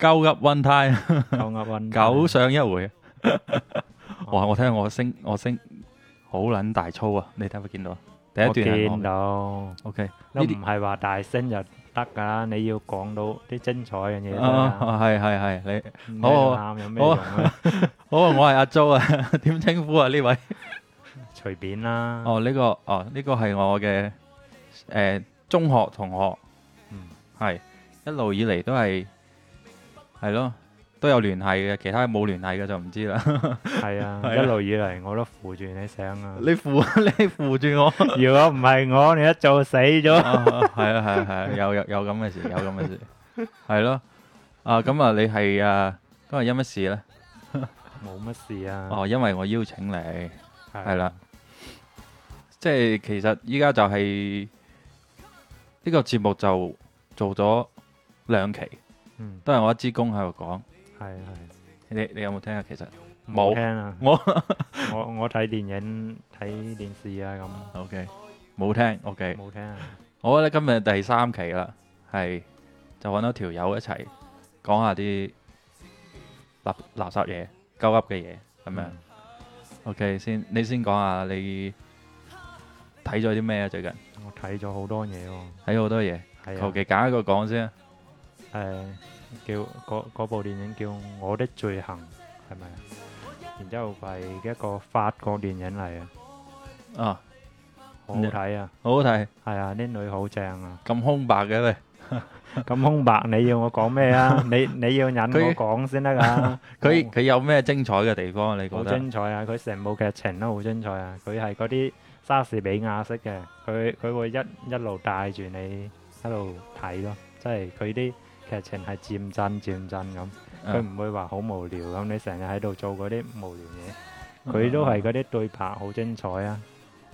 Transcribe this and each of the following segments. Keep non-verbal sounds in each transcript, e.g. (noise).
勾入 one time，勾入 one，九上一回，哇！我聽下我聲，我聲好撚大粗啊！你睇唔見到？第一段見到，OK，都唔係話大聲就得噶，你要講到啲精彩嘅嘢啊！係係係，你好啊，好啊，好啊！我係阿 jo 啊，點稱呼啊？呢位隨便啦。哦，呢個哦，呢個係我嘅誒中學同學，係一路以嚟都係。係咯，都有聯繫嘅，其他冇聯繫嘅就唔知啦。係 (laughs) 啊，的一路以嚟我都扶住你醒啊！你扶，你扶住我。如果唔係我，你一早死咗。係 (laughs) 啊，係啊，係啊，有有有咁嘅事，有咁嘅事。係 (laughs) 咯， (laughs) 啊咁、嗯、啊，你係啊，今日因乜事咧？冇乜事啊。哦，因為我邀請你，係啦，即係其實依家就係呢個節目就做咗兩期。嗯，都係我一支公喺度講，係係，你你有冇聽啊？其實冇聽啊，我我我睇電影睇電視啊咁，OK，冇聽，OK，冇聽啊。我覺得今日第三期啦，係就揾到條友一齊講下啲垃垃圾嘢、鳩噏嘅嘢咁樣。OK，先你先講下你睇咗啲咩啊？最近我睇咗好多嘢喎，睇好多嘢，係啊，求其揀一個講先。誒，叫嗰嗰部電影叫《我的罪行》，係咪？然之後係一個法國電影嚟啊，啊，好睇啊，好好睇，係啊，啲女好正啊，咁空白嘅咩？咁空白，你要我講咩啊？你你要忍我講先得㗎。佢佢有咩精彩嘅地方啊？你覺得？好精彩啊！佢成部劇情都好精彩啊！佢係嗰啲莎士比亞式嘅，佢佢會一一路帶住你喺度睇咯，即係佢啲。劇情係漸進漸進咁，佢唔會話好無聊咁。你成日喺度做嗰啲無聊嘢，佢都係嗰啲對白好精彩啊！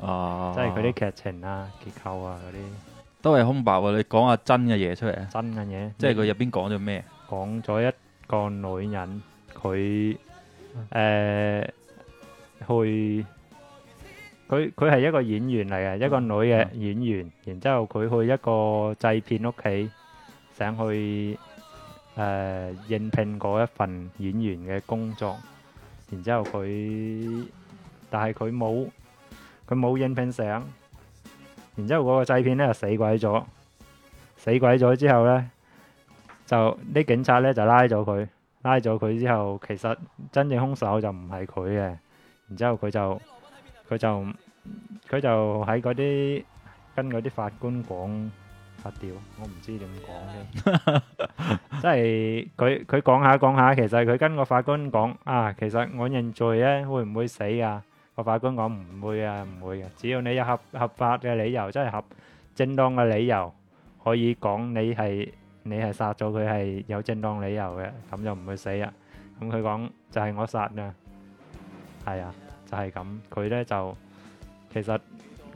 哦，即係嗰啲劇情啊、結構啊嗰啲，都係空白喎。你講下真嘅嘢出嚟啊！真嘅嘢，即係佢入邊講咗咩？講咗一個女人，佢誒去佢佢係一個演員嚟嘅，一個女嘅演員，然之後佢去一個製片屋企。想去誒、呃、應聘嗰一份演員嘅工作，然之後佢，但係佢冇，佢冇應聘上，然之後嗰個製片咧就死鬼咗，死鬼咗之後咧，就啲警察咧就拉咗佢，拉咗佢之後，其實真正兇手就唔係佢嘅，然之後佢就佢就佢就喺嗰啲跟嗰啲法官講。我唔知點講嘅，即係佢佢講下講下，其實佢跟個法官講啊，其實我認罪咧會唔會死啊？個法官講唔會啊，唔會嘅，只要你有合合法嘅理由，即係合正當嘅理由，可以講你係你係殺咗佢係有正當理由嘅，咁就唔會死啊。咁佢講就係我殺啊，係啊，就係咁。佢咧就其實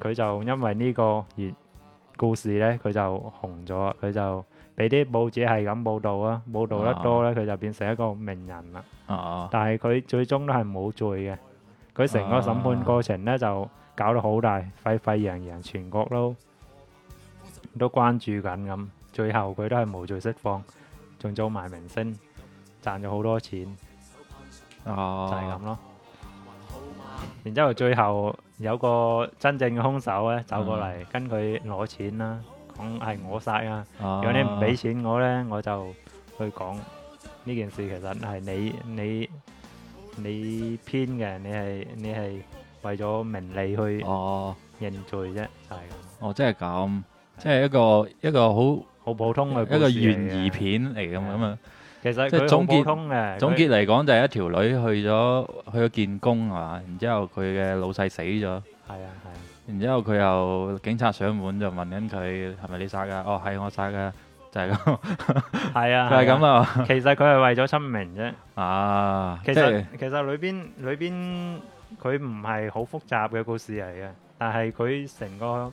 佢就因為呢個而。故事呢，佢就紅咗，佢就俾啲報紙係咁報道啊，報道得多呢，佢就變成一個名人啦。哦，但係佢最終都係冇罪嘅，佢成個審判過程咧就搞到好大，沸沸揚揚，全國都都關注緊咁，最後佢都係無罪釋放，仲做埋明星，賺咗好多錢，哦，就係咁咯。然之後最後。有個真正嘅兇手咧，走過嚟、嗯、跟佢攞錢啦、啊，講係我殺啊！如果你唔俾錢給我咧，我就去講呢件事，其實係你你你編嘅，你係你係為咗名利去認罪啫。係、啊。就哦，就係、的即係咁，即係一個一個好好普通嘅一個懸疑片嚟咁咁啊！其實即係總結，他總結嚟講就係一條女去咗去咗見工，係嘛，然之後佢嘅老細死咗，係啊係啊，啊然之後佢又警察上門就問緊佢係咪你殺噶？哦係我殺噶，就係、是、咁，係 (laughs) 啊，啊 (laughs) 就係咁咯。其實佢係為咗出名啫。啊，其實、就是、其實裏邊裏邊佢唔係好複雜嘅故事嚟嘅，但係佢成個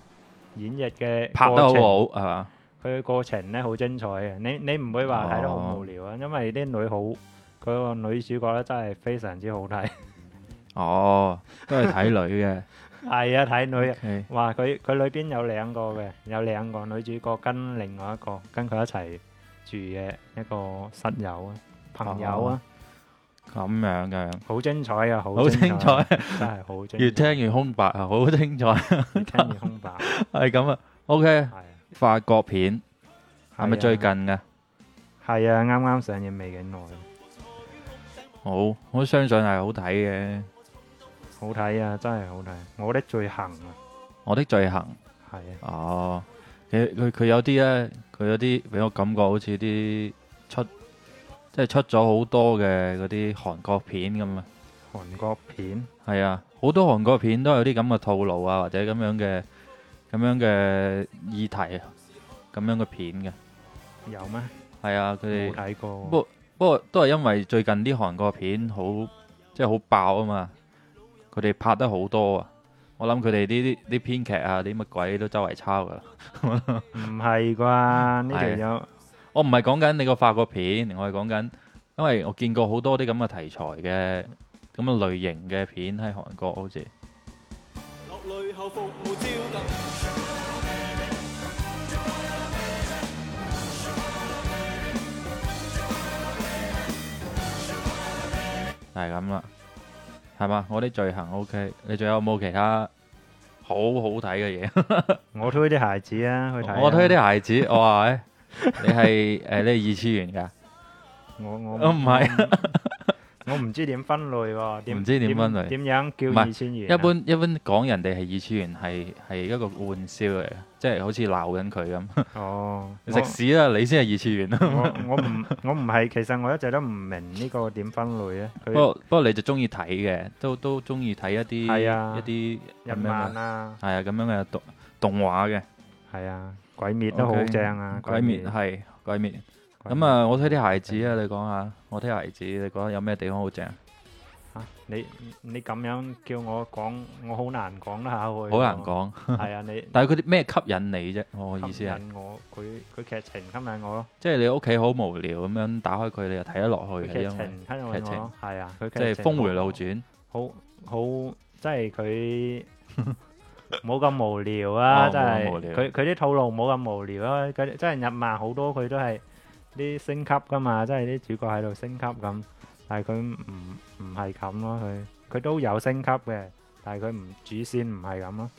演繹嘅拍得好好係嘛。佢嘅過程咧好精彩嘅，你你唔會話睇得好無聊啊，因為啲女好，佢個女主角咧真係非常之好睇。哦，都係睇女嘅。係啊，睇女啊，哇！佢佢裏邊有兩個嘅，有兩個女主角跟另外一個跟佢一齊住嘅一個室友啊，朋友啊。咁樣嘅，好精彩啊！好精彩，真係好。越聽越空白啊！好精彩，越聽越空白。係咁啊，OK。法國片係咪、啊、最近嘅？係啊，啱啱上映未幾耐。好、哦，我相信係好睇嘅。好睇啊，真係好睇。我的罪行啊！我的罪行。係啊。哦，佢佢佢有啲咧，佢有啲俾我感覺好似啲出，即係出咗好多嘅嗰啲韓國片咁啊。韓國片。係啊，好多韓國片都有啲咁嘅套路啊，或者咁樣嘅。咁樣嘅議題，咁樣嘅片嘅，有咩嗎？係啊，佢哋冇睇過。不過不過都係因為最近啲韓國片好，即係好爆啊嘛。佢哋拍得好多啊，我諗佢哋呢啲啲編劇啊，啲乜鬼都周圍抄噶啦。唔係啩？呢條友，我唔係講緊你個法國片，我係講緊，因為我見過好多啲咁嘅題材嘅，咁嘅類型嘅片喺韓國好似。 (music) 係咁啦，係嘛？我啲罪行 OK，你仲有冇其他好好睇嘅嘢？ (laughs) 我推啲孩子啊，去睇、啊。我推啲孩子，我話 (laughs) 哦、你係誒呢二次元噶？我我我唔係。 (laughs) (laughs) 我唔知點分類喎，唔知點分類，點樣叫二次元啊？一般一般講人哋係二次元，係係一個玩笑嚟，即係好似鬧緊佢咁。哦，食 (laughs) 屎啦了，我你先係二次元啦。 (laughs) 我唔我唔係，其實我一直都唔明呢個點分類咧。不過不過你就中意睇嘅，都都中意睇一啲係啊一啲日漫啦，係啊咁樣嘅動動畫嘅，係啊鬼滅都好正啊，啊啊鬼滅係鬼滅。咁啊，我睇啲孩子啊，你講下，我睇孩子，你覺得有咩地方好正？吓你你咁樣叫我講，我好難講啦吓我。好難講。係啊，你但係佢啲咩吸引你啫？我嘅意思係。吸引我，佢佢劇情吸引我咯。即係你屋企好無聊咁樣打開佢，你又睇得落去。劇情吸引我咯。係啊，佢劇情。即係峰回路轉。好好，即係佢冇咁無聊啊！真係，佢佢啲套路冇咁無聊啊！佢真係日漫好多，佢都係。啲升級噶嘛，即係啲主角喺度升級咁，但係佢唔唔係咁咯，佢佢都有升級嘅，但係佢唔主線唔係咁咯。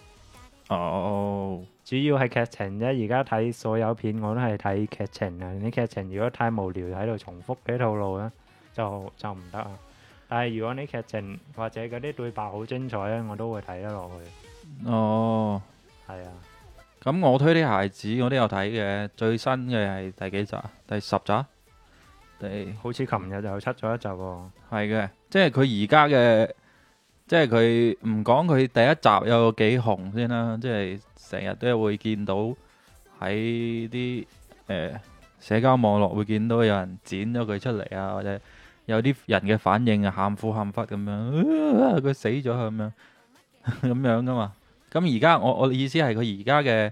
哦，主，oh，主要係劇情啫，而家睇所有片我都係睇劇情啊。你劇情如果太無聊喺度重複嘅套路咧，就就唔得啊。但係如果你劇情或者嗰啲對白好精彩咧，我都會睇得落去。哦，係啊。咁我推啲孩子，我都有睇嘅。最新嘅係第幾集？第十集？第好似琴日，就出咗一集喎。哦。係嘅，即係佢而家嘅，即係佢唔講佢第一集有幾紅先啦，啊。即係成日都會見到喺啲誒社交網絡會見到有人剪咗佢出嚟啊，或者有啲人嘅反應哭哭哭哭啊，喊苦喊忽咁樣，佢死咗咁樣，咁樣噶嘛。咁而家我我意思係佢而家嘅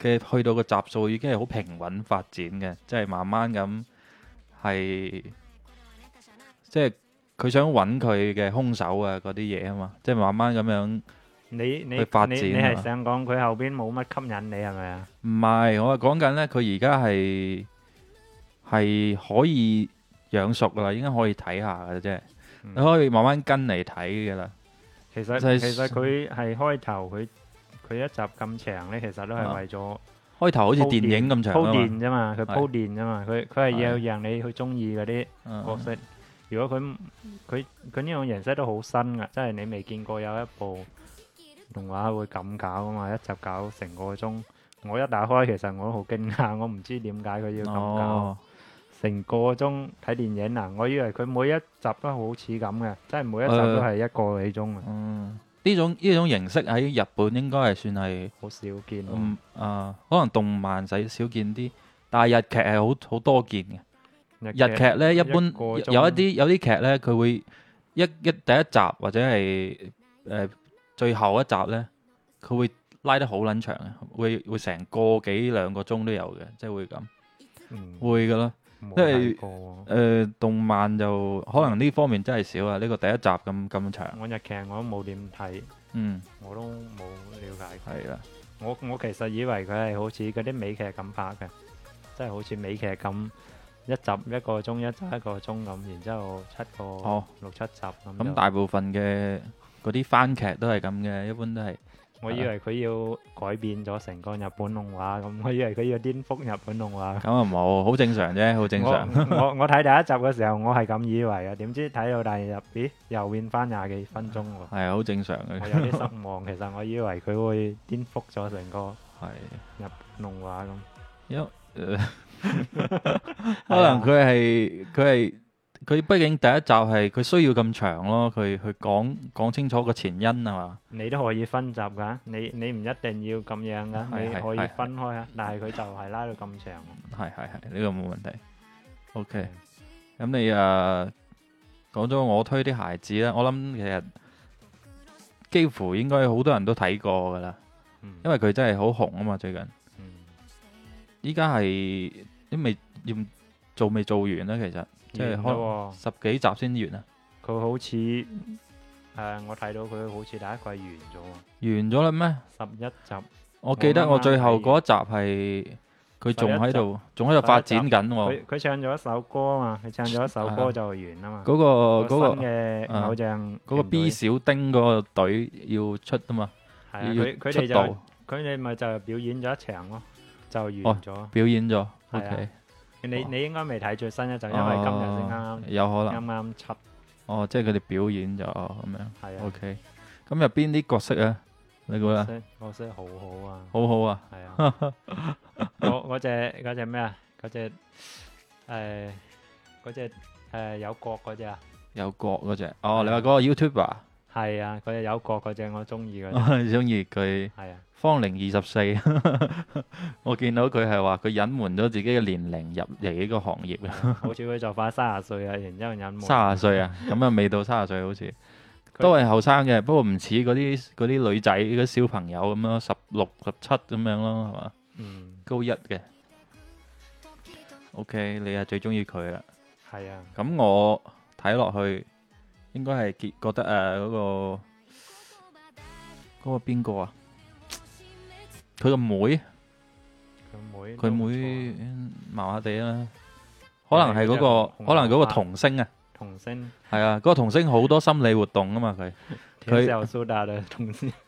嘅去到個集數已經係好平穩發展嘅，即係慢慢咁係，即係佢想揾佢嘅兇手啊嗰啲嘢啊嘛，即係慢慢咁樣你你去發展，你係想講佢後邊冇乜吸引你係咪啊？唔係，我話講緊咧，佢而家係係可以養熟噶啦，應該可以睇下噶啫，嗯、你可以慢慢跟嚟睇噶啦。其實其實佢係開頭佢佢一集咁長呢，其實都係為咗、啊、開頭好似電影咁長鋪墊啫嘛，佢鋪墊啫嘛，佢佢係要讓你去中意嗰啲角色。啊、如果佢佢佢呢種形式都好新噶，即係你未見過有一部動畫會咁搞啊嘛，一集搞成個鐘。我一打開，其實我都好驚訝，我唔知點解佢要咁搞。哦成個鐘睇電影嗱，我以為佢每一集都好似咁嘅，即係每一集都係一個幾鐘。嗯，呢種呢種形式喺日本應該係算係好少見咯。嗯啊，可能動漫係少見啲，但係日劇係好好多見嘅。日劇咧，一般有一啲有啲劇咧，佢會一一第一集或者係誒最後一集咧，佢會拉得好撚長嘅，會會成個幾兩個鐘都有嘅，即係會咁，會噶啦。因為誒，動漫就可能呢方面真係少啊。呢個第一集咁咁長。我日劇我都冇點睇，嗯，我都冇了解佢啦。的我我其實以為佢係好似嗰啲美劇咁拍嘅，即係好似美劇咁一集一個鐘，一集一個鐘咁，然之後七個六七集咁。咁，哦，大部分嘅嗰啲番劇都係咁嘅，一般都係。我以為佢要改變咗成個日本動畫，咁我以為佢要顛覆日本動畫。咁啊冇，好正常啫，好正常。 (laughs) 我我睇第一集嘅時候，我係咁以為嘅，點知睇到第二集，咦，又變翻廿幾分鐘喎。係啊，好正常嘅。 (laughs) 我有啲失望，其實我以為佢會顛覆咗成個係日本動畫咁， (laughs) (laughs) (laughs) 可能佢係佢係。 (laughs) 佢畢竟第一集係佢需要咁長咯，佢去講講清楚個前因係嘛？你都可以分集噶，你你唔一定要咁樣噶，你可以分開啊。但係佢就係拉到咁長。係係係，呢個冇問題。OK，咁你誒講咗我推的孩子啦，我諗其實幾乎應該好多人都睇過噶啦，因為佢真係好紅啊嘛，最近。嗯。依家係因為未做，未做完呢，其實。完咗喎，十幾集先完啊！佢好似，誒，我睇到佢好似第一季完咗。完咗啦咩？十一集。我記得我最後嗰一集係，佢仲喺度，仲喺度發展緊。佢佢唱咗一首歌啊嘛，佢唱咗一首歌就完啊嘛。嗰個嗰個嘅偶像，嗰個 B 小丁個隊要出啊嘛。係佢佢哋就，佢哋咪就表演咗一場咯，就完咗。表演咗，OK。你你應該未睇最新一集，因為今日先啱啱，有可能啱啱出。哦，即係佢哋表演咗咁樣。係、啊。O K。咁有邊啲角色啊？你覺得？角色好、啊、好好啊！好好啊！係啊。 (laughs) 我我只嗰隻咩啊？嗰隻誒嗰隻誒有角嗰隻啊？有角嗰隻。哦，你話嗰個 YouTuber？係啊，嗰隻、啊、有角嗰隻，我中意嗰隻。中意佢。係啊。方齡二十四，我見到佢係話佢隱瞞咗自己嘅年齡入嚟呢個行業嘅、 (laughs) (laughs) 啊，好似佢就快三十歲啊，然之後隱瞞。三十歲啊，咁啊未到三十歲，好似都係後生嘅。不過唔似嗰啲啲女仔嗰啲小朋友咁樣咯，十六十七咁樣咯，係嘛？嗯、高一嘅。OK，你係最中意佢啦。係啊。咁我睇落去，應該係結覺得誒嗰個嗰個邊個啊？那個那個佢個妹，佢妹，佢妹麻麻地啦，可能係嗰個，可能嗰個童星啊，童星係啊，嗰個童星好多心理活動啊嘛，佢佢，蘇打，係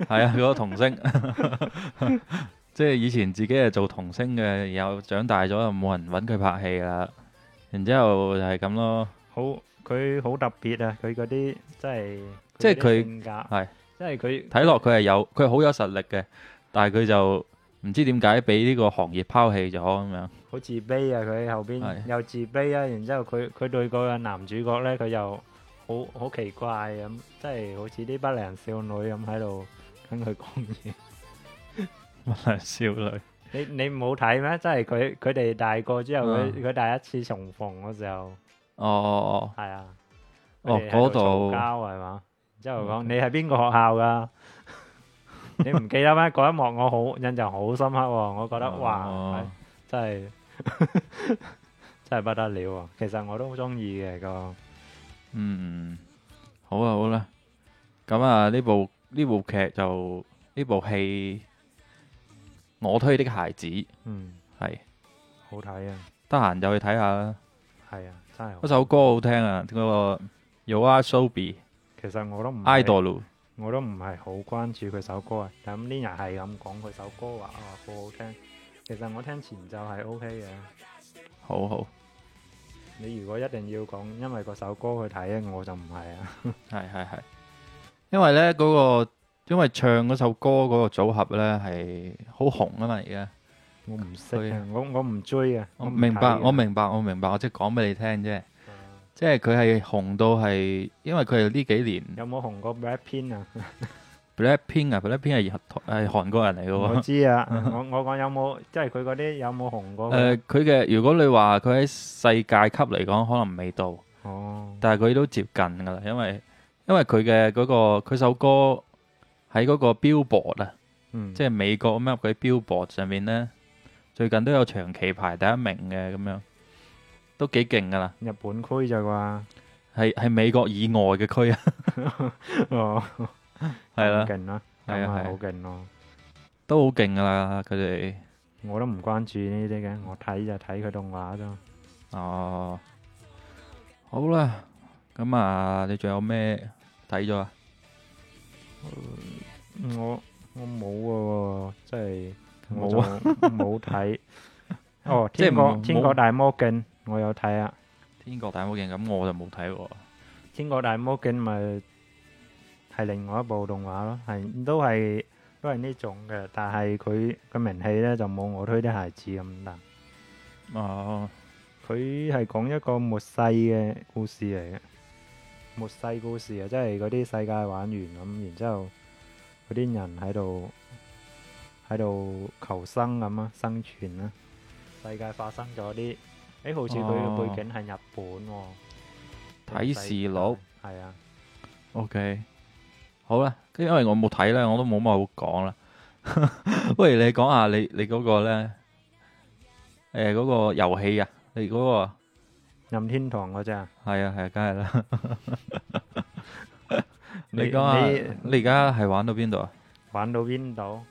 啊，嗰個童星，即係以前自己係做童星嘅，然後長大咗就冇人揾佢拍戲啦，然之後就係咁咯。好，佢好特別啊，佢嗰啲真係，即係佢係，即係佢睇落佢係有，佢好有實力嘅。但係佢就唔知點解俾呢個行業拋棄咗咁樣，好自卑啊！佢後邊又自卑啊，然之後佢佢對個男主角咧，佢又好好奇怪咁，即係好似啲不良少女咁喺度跟佢講嘢。不良少女？你你冇睇咩？即係佢佢哋大個之後，佢佢第一次重逢嘅時候。哦哦哦，係啊。哦，嗰度。交係嘛？之後講你係邊個學校噶？你唔記得咩？嗰一幕我好印象好深刻，我覺得哇，真係真係不得了。其實我都好中意嘅個。嗯，好啦好啦，咁啊呢部呢部劇就呢部戲，我推的《孩子》。嗯，係。好睇啊！得閒就去睇下啦。係啊，真係。嗰首歌好聽啊，嗰個《You are So Be》。其實我都唔。Idol。我都唔係好關注佢首歌，首歌啊，但咁呢日係咁講佢首歌話啊，好好聽。其實我聽前奏係 O K 嘅，好好。你如果一定要講，因為嗰首歌去睇咧，我就唔係啊。係係係，因為呢嗰、嗰個，因為唱嗰首歌嗰個組合呢係好紅啊嘛而家。我唔識我我唔追啊。我明白，我明白，我明白，我即係講俾你聽啫。即係佢係紅到係，因為佢係呢幾年有冇紅過 Blackpink 啊 (laughs) ？Blackpink 啊 Blackpink 係韓國人嚟嘅喎。我知啊，我我講有冇，即係佢嗰啲有冇紅過。誒、呃，佢嘅如果你話佢喺世界級嚟講，可能未到。哦。但係佢都接近㗎啦，因為因為佢嘅嗰個佢首歌喺嗰個 Billboard 啊、嗯，即係美國咩嗰啲 Billboard 上面咧，最近都有長期排第一名嘅咁樣。都幾勁噶啦，日本區咋啩？係係美國以外嘅區啊！哦，係啦，勁啦，咁啊好勁咯，都好勁噶啦佢哋。我都唔關注呢啲嘅，我睇就睇佢動畫啫。哦，好啦，咁啊，你仲有咩睇咗啊？我我冇啊，真係冇啊，冇睇。哦，即係天國大魔鏡。我有睇啊，《天國大魔鏡》咁我就冇睇喎，《天國大魔鏡》咪係另外一部動畫咯，係都係都係呢種嘅，但係佢嘅名氣咧就冇我推的孩子咁大。哦，佢係講一個末世嘅故事嚟嘅，末世故事啊，即係嗰啲世界玩完咁，然之後嗰啲人喺度喺度求生咁啊，生存啊，世界發生咗啲。誒，好似佢嘅背景係日本喎。睇視錄係啊。O K，好啦，跟因為我冇睇咧，我都冇乜好講啦。喂，你講下你你嗰個咧，誒嗰個遊戲啊，你嗰個任天堂嗰隻啊。係啊係啊，梗係啦。你講下你你而家係玩到邊度啊？玩到邊度？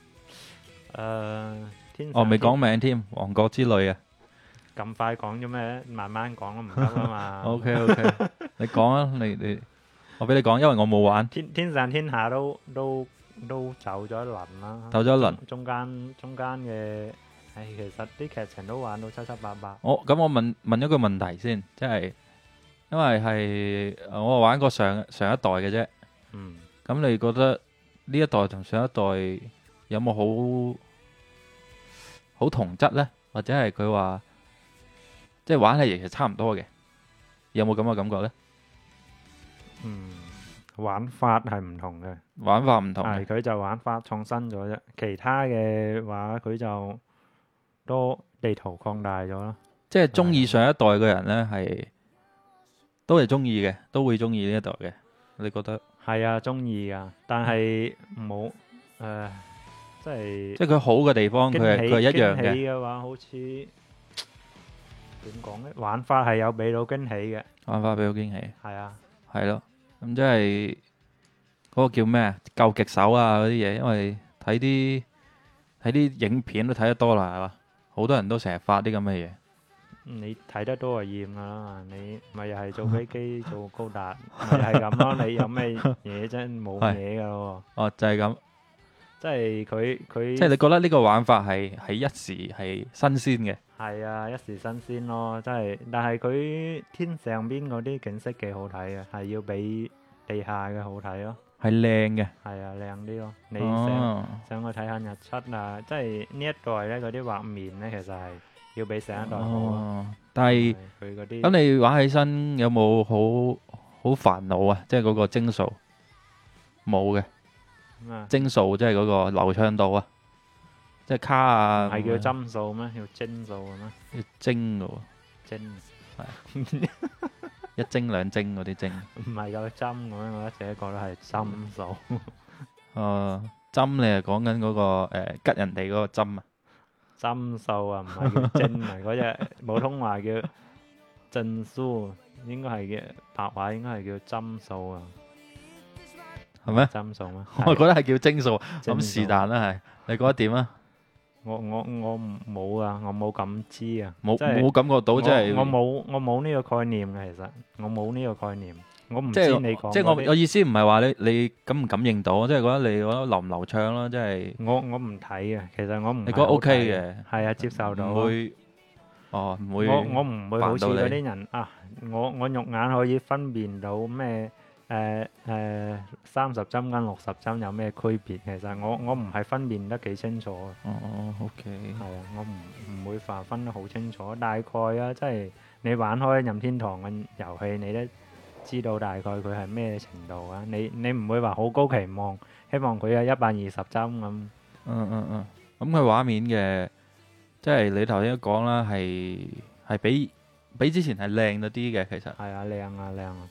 誒，我未講名添，王國之淚啊。咁快講咗咩？慢慢講都唔得啊嘛。OK，OK，你講啊，你你，我俾你講，因為我冇玩。天天上天下都都都走咗一輪啦，走咗一輪，中間中間嘅，唉，其實啲劇情都玩到七七八八。我咁我問問一個問題先，即係因為係我玩過上上一代嘅啫。嗯。咁你覺得呢一代同上一代有冇好好同質呢？或者係佢話？即係玩係其實差唔多嘅，有冇咁嘅感覺呢？嗯，玩法係唔同嘅，玩法唔同係佢就玩法創新咗啫，其他嘅話佢就都地圖擴大咗啦。即係中意上一代嘅人呢，係都係中意嘅，都會中意呢一代嘅。你覺得？係啊，中意㗎，但係冇誒，即係即係佢好嘅地方，佢係佢係一樣嘅。嘅話好似點講咧？玩法係有俾到驚喜嘅，玩法俾到驚喜，係啊，係咯，咁即係嗰個叫咩啊？究極手啊嗰啲嘢，因為睇啲睇啲影片都睇得多啦，係嘛，好多人都成日發啲咁嘅嘢。你睇得多啊，厭啦，你咪又係做飛機做高達，咪係咁咯。你有咩嘢真冇嘢噶咯？哦，就係咁。即係佢佢，即係你覺得呢個玩法係係一時係新鮮嘅。係啊，一時新鮮咯，真係。但係佢天上邊嗰啲景色幾好睇啊，係要比地下嘅好睇咯，係靚嘅。係啊，靚啲咯。你想想去睇下日出啊？即係呢一代咧，嗰啲畫面咧，其實係要比上一代好。但係佢嗰啲咁，你玩起身有冇好好煩惱啊？即係嗰個幀數冇嘅。幀數即係嗰個流暢度啊，即係卡啊。係叫針數咩？叫幀數咩？要幀噶喎。幀係一幀兩幀嗰啲幀。唔係有針咁樣，我一直覺得係針數。哦，針你係講緊嗰個誒，拮人哋嗰個針啊。針數啊，唔係叫幀，係嗰隻普通話叫幀數，應該係叫白話，應該係叫針數啊。係咩？音數咩？我覺得係叫精數，咁是但啦係。你覺得點啊？我我我冇啊，我冇感知啊，冇冇感覺到即係。我冇我冇呢個概念嘅，其實我冇呢個概念。我唔知即係你講，即係我我意思唔係話你你感唔感應到，即係覺得你覺得流唔流暢囉，即係。我我唔睇嘅，其實我唔。你覺得 OK 嘅？係啊，接受到。會哦，唔會。我我唔會好似嗰啲人啊，我我肉眼可以分辨到咩？誒誒，三十針跟六十針有咩區別？其實我我唔係分辨得幾清楚。哦，uh，OK，係啊，uh，我唔唔會話分得好清楚，大概啊，即係你玩開任天堂嘅遊戲，你都知道大概佢係咩程度啊。你你唔會話好高期望，希望佢有一百二十針咁。嗯嗯嗯，咁佢，uh, uh, uh，畫面嘅，即係你頭先都講啦，係係比比之前係靚咗啲嘅，其實係啊，靚啊靚啊。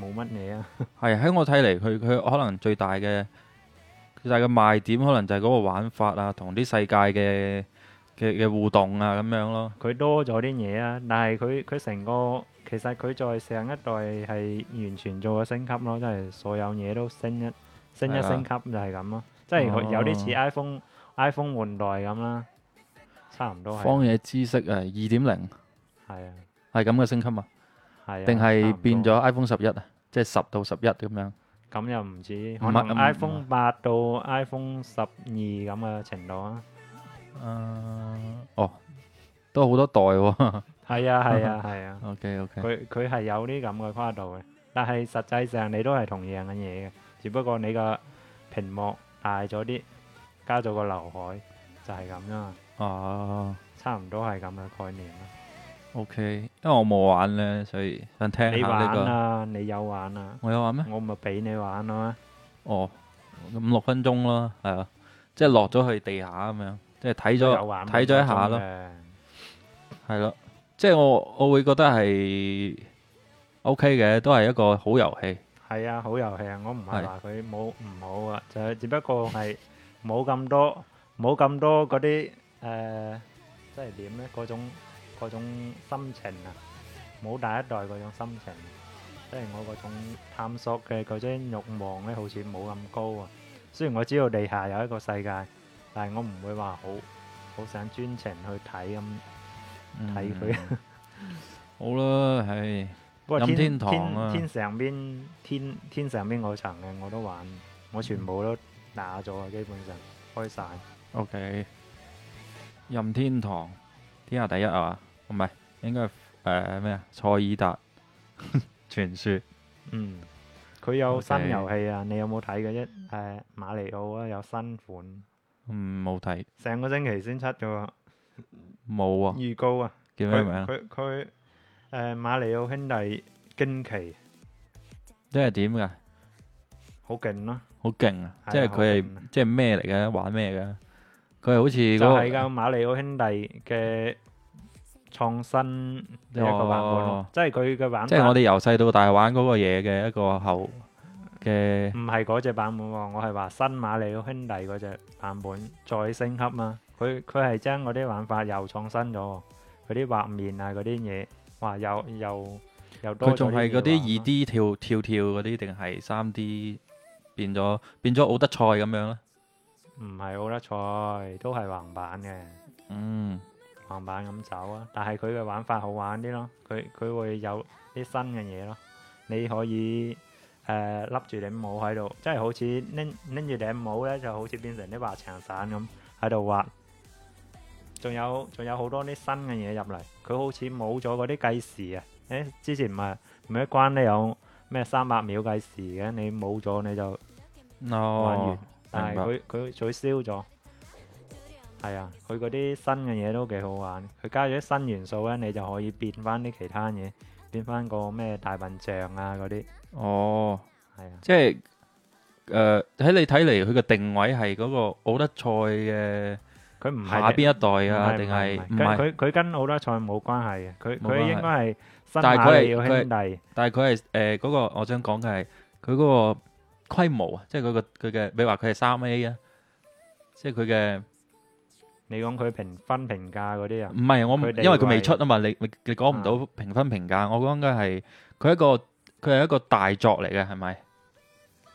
冇乜嘢啊！係喺我睇嚟，佢佢可能最大嘅最大嘅賣點，可能就係嗰個玩法啊，同啲世界嘅嘅嘅互動啊，咁樣咯。佢多咗啲嘢啊，但係佢佢成個其實佢在上一代係完全做咗升級咯，即係所有嘢都升一升一升級就係咁咯，即係有啲似 iPhone iPhone 換代咁啦，差唔多。荒野知識啊，二點零係啊，係咁嘅升級啊。係，定係變咗 iPhone 十一啊，即係十到十一咁樣。咁又唔止，是可能 iPhone 八到 iPhone 十二咁嘅程度啊、嗯。哦，都好多代喎、哦。係啊係啊係啊。啊啊 (laughs) OK OK。佢佢係有啲咁嘅跨度嘅，但係實際上你都係同樣嘅嘢嘅，只不過你個屏幕大咗啲，加咗個劉海，就係咁啊。哦，差唔多係咁嘅概念。O K，因為我冇玩咧，所以想聽下呢個。你玩啊，你有玩啊。我有玩咩？我咪俾你玩咯咩。哦，五六分鐘咯，係啊，即係落咗去地下咁樣，即係睇咗睇咗一下咯。係咯，即係我我會覺得係 O K 嘅，都係一個好遊戲。係啊，好遊戲啊，我唔係話佢冇唔好啊，就係只不過係冇咁多冇咁多嗰啲誒，即係點咧？嗰種。嗰種心情啊，冇第一代嗰種心情，即係我嗰種探索嘅嗰種慾望咧，好似冇咁高啊。雖然我知道地下有一個世界，但係我唔會話好好想專程去睇咁睇佢。好啦，係不過任天堂啊，天上邊天天上邊嗰層嘅我都玩，我全部都打咗啊，基本上開晒。OK，任天堂天下第一啊嘛～唔係，應該係誒咩啊？塞爾達傳說，嗯，佢有新遊戲啊？Okay。你有冇睇嘅啫？誒、呃，馬里奧啊，有新款，嗯，冇睇，上個星期先出咗，冇啊，預告啊，叫咩名、呃、啊？佢佢誒馬里奧兄弟驚奇，即係點噶？好勁咯，好勁啊！的即係佢，啊、即係咩嚟嘅？玩咩嘅？佢係好似嗰、那個，就係噶馬里奧兄弟嘅。創新一個版本、哦、即係佢嘅版本，即係我哋由細到大玩嗰個嘢嘅一個後嘅。唔係嗰隻版本喎，我係話新馬里奧兄弟嗰隻版本再升級嘛。佢佢係將嗰啲玩法又創新咗，佢啲畫面啊嗰啲嘢，哇又又又多。佢仲係嗰啲二 D 跳跳跳嗰啲，定係三 D 變咗變咗奧德賽咁樣咧？唔係奧德賽，都係橫版嘅。嗯。慢慢咁走啊，但係佢嘅玩法好玩啲咯，佢佢會有啲新嘅嘢咯。你可以誒笠住頂帽喺度，即係好似拎拎住頂帽咧，就好似變成啲滑牆傘咁喺度滑。仲有仲有好多啲新嘅嘢入嚟，佢好似冇咗嗰啲計時啊。誒、欸，之前唔係每關都有咩三百秒計時嘅，你冇咗你就完，哦 No,，但係佢佢取消咗。係啊，佢嗰啲新嘅嘢都幾好玩。佢加咗啲新元素咧，你就可以變翻啲其他嘢，變翻個咩大笨象啊嗰啲。哦，係啊，即係誒喺你睇嚟，佢個定位係嗰個奧德賽嘅，佢唔係邊一代啊，定係唔係佢？佢跟奧德賽冇關係嘅，佢佢應該係新馬里奧兄弟。但係佢係誒嗰個我想講嘅係佢嗰個規模啊，即係佢個佢嘅，比如話佢係三 A 啊，即係佢嘅。你講佢評分評價嗰啲呀，唔係我，為因為佢未出啊嘛，你你講唔到評分評價，啊、我講應該係佢一個佢係一個大作嚟嘅，係咪？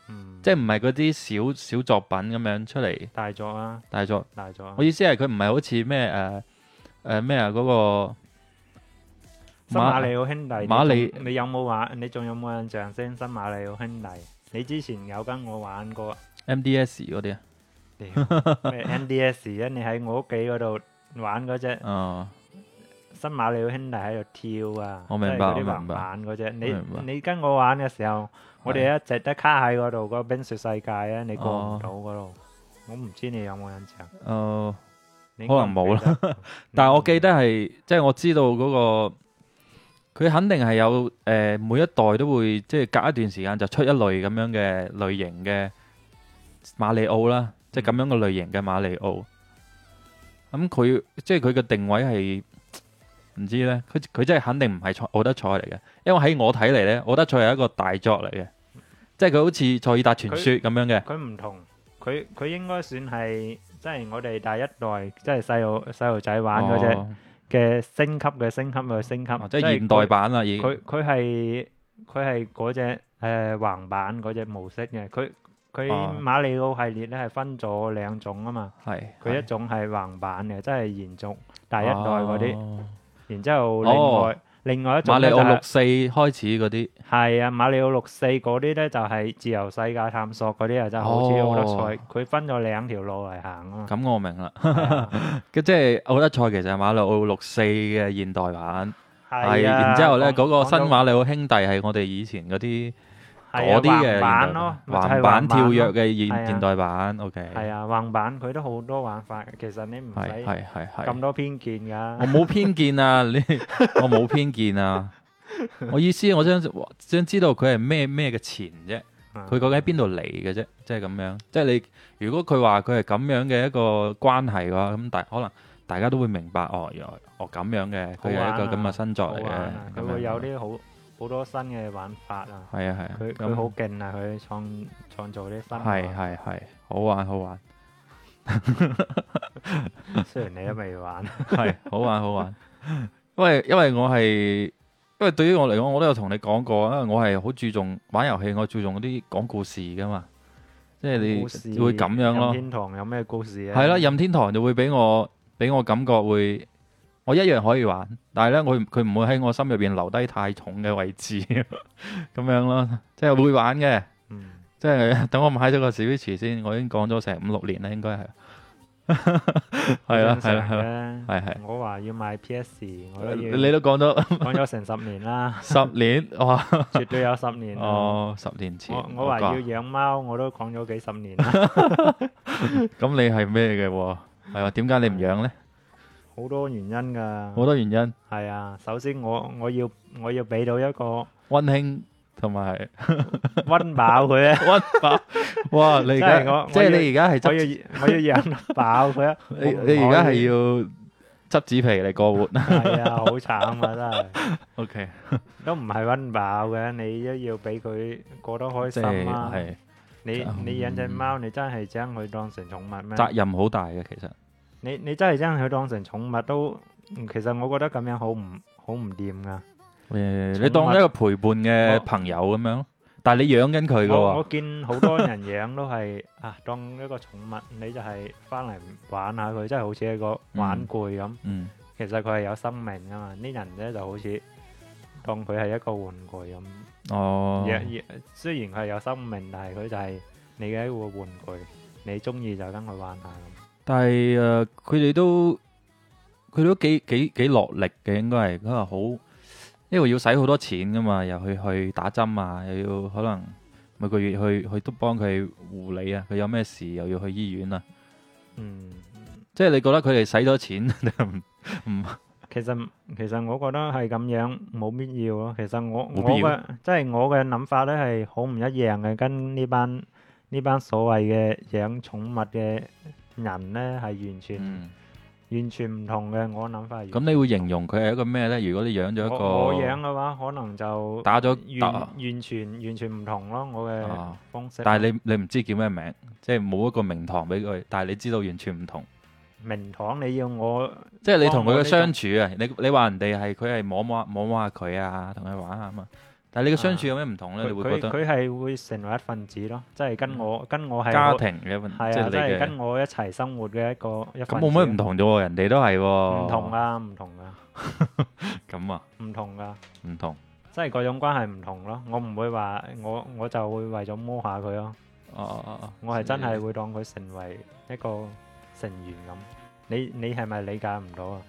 嗯、即係唔係嗰啲小小作品咁樣出嚟。大作啊！大作大作！大作啊、我意思係佢唔係好似咩誒誒咩啊嗰、嗰個馬新馬里奧兄弟。馬里，你有冇玩？你仲有冇印象先？新馬里奧兄弟，你之前有跟我玩過？M D S 嗰啲啊？咩 NDS 啊？你喺我屋企嗰度玩嗰隻新馬里奧兄弟喺度跳啊！我明白，明白。玩嗰隻你你跟我玩嘅時候，我哋一直都卡喺嗰度個冰雪世界啊！你過唔到嗰度，我唔知你有冇印象。哦，可能冇啦。但係我記得係即係我知道嗰個，佢肯定係有誒，每一代都會即係隔一段時間就出一類咁樣嘅類型嘅馬里奧啦。即係咁樣嘅類型嘅馬里奧，咁佢即係佢嘅定位係唔知咧，佢佢真係肯定唔係賽奧德賽嚟嘅，因為喺我睇嚟咧，奧德賽係一個大作嚟嘅，即係佢好似塞爾達傳說咁樣嘅。佢唔同，佢佢應該算係即係我哋第一代，即係細路細路仔玩嗰隻嘅升級嘅升級嘅升級，即係現代版啦。已經佢佢係佢係嗰隻誒橫版嗰隻模式嘅，佢。佢馬里奧系列咧係分咗兩種啊嘛，佢一種係橫版嘅，即係延續第一代嗰啲，然之後另外另外一種咧就係馬里奧六四開始嗰啲，係啊馬里奧六四嗰啲咧就係自由世界探索嗰啲啊，就好似奧德賽，佢分咗兩條路嚟行啊。咁我明啦，即係奧德賽其實係馬里奧六四嘅現代版，係。然之後咧嗰個新馬里奧兄弟係我哋以前嗰啲。嗰啲嘅，橫版咯，橫版跳躍嘅現現代版，OK。係啊，橫版佢都好多玩法，其實你唔使咁多偏見噶。我冇偏見啊，你我冇偏見啊，我意思我想想知道佢係咩咩嘅錢啫，佢究竟喺邊度嚟嘅啫，即係咁樣，即係你如果佢話佢係咁樣嘅一個關係嘅話，咁大可能大家都會明白哦，原來哦咁樣嘅，佢係一個咁嘅新作嚟嘅，佢會有啲好。好多新嘅玩法啊！係啊係啊，佢佢好勁啊！佢創創造啲新嘅玩法，係係係，好玩好玩。雖然你都未玩，係好玩好玩。因為因為我係，因為對於我嚟講，我都有同你講過，因為我係好注重玩遊戲，我注重嗰啲講故事噶嘛。即係你會咁樣咯？任天堂有咩故事咧？係啦，任天堂就會俾我俾我感覺會我一樣可以玩，但係咧，我佢唔會喺我心入邊留低太重嘅位置，咁樣咯，即係會玩嘅，嗯、即係等我買咗個 Switch 先，我已經講咗成五六年啦，應該係，係啦係啦係啦，係係、啊。啊啊啊、我話要買 PS，我都要你都講咗講咗成十年啦，十年哇，哦、絕對有十年哦，十年前。我話要養貓，好我都講咗幾十年啦。咁、 (laughs) (laughs) 嗯、你係咩嘅？係啊？點解你唔養咧？ (laughs) 好多原因噶，好多原因係啊！首先我我要我要俾到一個溫馨同埋係溫飽佢啊，溫 (laughs) 飽哇！你而家 (laughs) 我即係你而家係我要我要養飽佢啊！你你而家係要執紙皮嚟過活啊？係啊，好慘啊真係。O K 都唔係溫飽嘅，你都要俾佢過得開心啊！就是、你、嗯、你養隻貓，你真係將佢當成寵物咩？責任好大嘅其實。你你真係將佢當成寵物都，其實我覺得咁樣好唔好唔掂噶。誒，你當係一個陪伴嘅朋友咁樣，但係你養緊佢嘅喎。我見好多人養都係啊，當一個寵物，你就係翻嚟玩下佢，真係好似一個玩具咁。嗯。其實佢係有生命噶嘛，啲人咧就好似當佢係一個玩具咁。哦。雖然佢係有生命，但係佢就係你嘅一個玩具，你中意就跟佢玩下。係誒，佢哋、呃、都佢都幾幾，幾落力嘅，應該係都係好，因為要使好多錢噶嘛，又去去打針啊，又要可能每個月去去都幫佢護理啊。佢有咩事又要去醫院啊。嗯，即係你覺得佢哋使咗錢， (laughs) 其實其實我覺得係咁樣冇必要咯。其實我要我嘅即係我嘅諗法呢係好唔一樣嘅，跟呢班呢班所謂嘅養寵物嘅。人呢係完全、嗯、完全唔同嘅，我諗法係。咁你會形容佢係一個咩呢？如果你養咗一個，我養嘅話可能就打咗了完，完全完全唔同咯，我嘅方式。但係你你唔知叫咩名，即係冇一個名堂俾佢。但係你知道完全唔同。名堂你要我？即係你同佢嘅相處啊！要要你你話人哋係佢係摸摸摸摸下佢啊，同佢玩下嘛。但係你嘅相處有咩唔同咧？你會覺得佢佢係會成為一份子咯，即係跟我跟我係家庭嘅一份子係啊，即係跟我一齊生活嘅一個咁冇咩唔同啫？喎，人哋都係喎，唔同啊，唔同啊，咁啊，唔同噶，唔同，即係各種關係唔同咯。我唔會話我我就會為咗摸下佢咯。哦哦，我係真係會當佢成為一個成員咁。你你係咪理解唔到啊？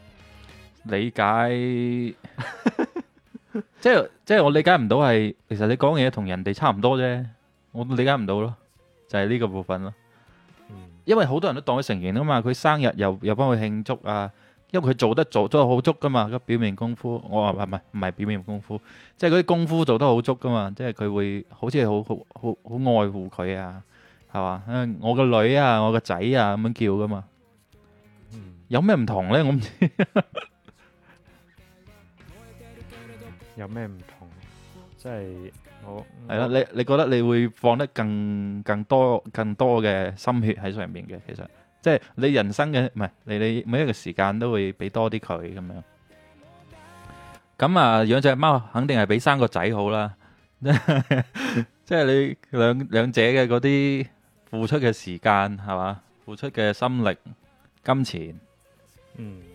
理解。即係即係我理解唔到係，其實你講嘢同人哋差唔多啫，我理解唔到咯，就係呢個部分咯。因為好多人都當佢成員啊嘛，佢生日又又幫佢慶祝啊，因為佢做得做都好足噶嘛，咁表面功夫，我話唔係唔係表面功夫，即係嗰啲功夫做得好足噶嘛，即係佢會好似好好好好愛護佢啊，係嘛？我個女啊，我個仔啊咁樣叫噶嘛，有咩唔同呢？我唔知。 (laughs) 有咩唔同？即係我係啦，的我你你覺得你會放得更更多更多嘅心血喺上面嘅，其實即係你人生嘅，唔係你你每一個時間都會俾多啲佢咁樣。咁啊、嗯，養隻貓肯定係比生個仔好啦。 (laughs) 即係你兩兩 (laughs) 者嘅嗰啲付出嘅時間係嘛，付出嘅心力、金錢，嗯。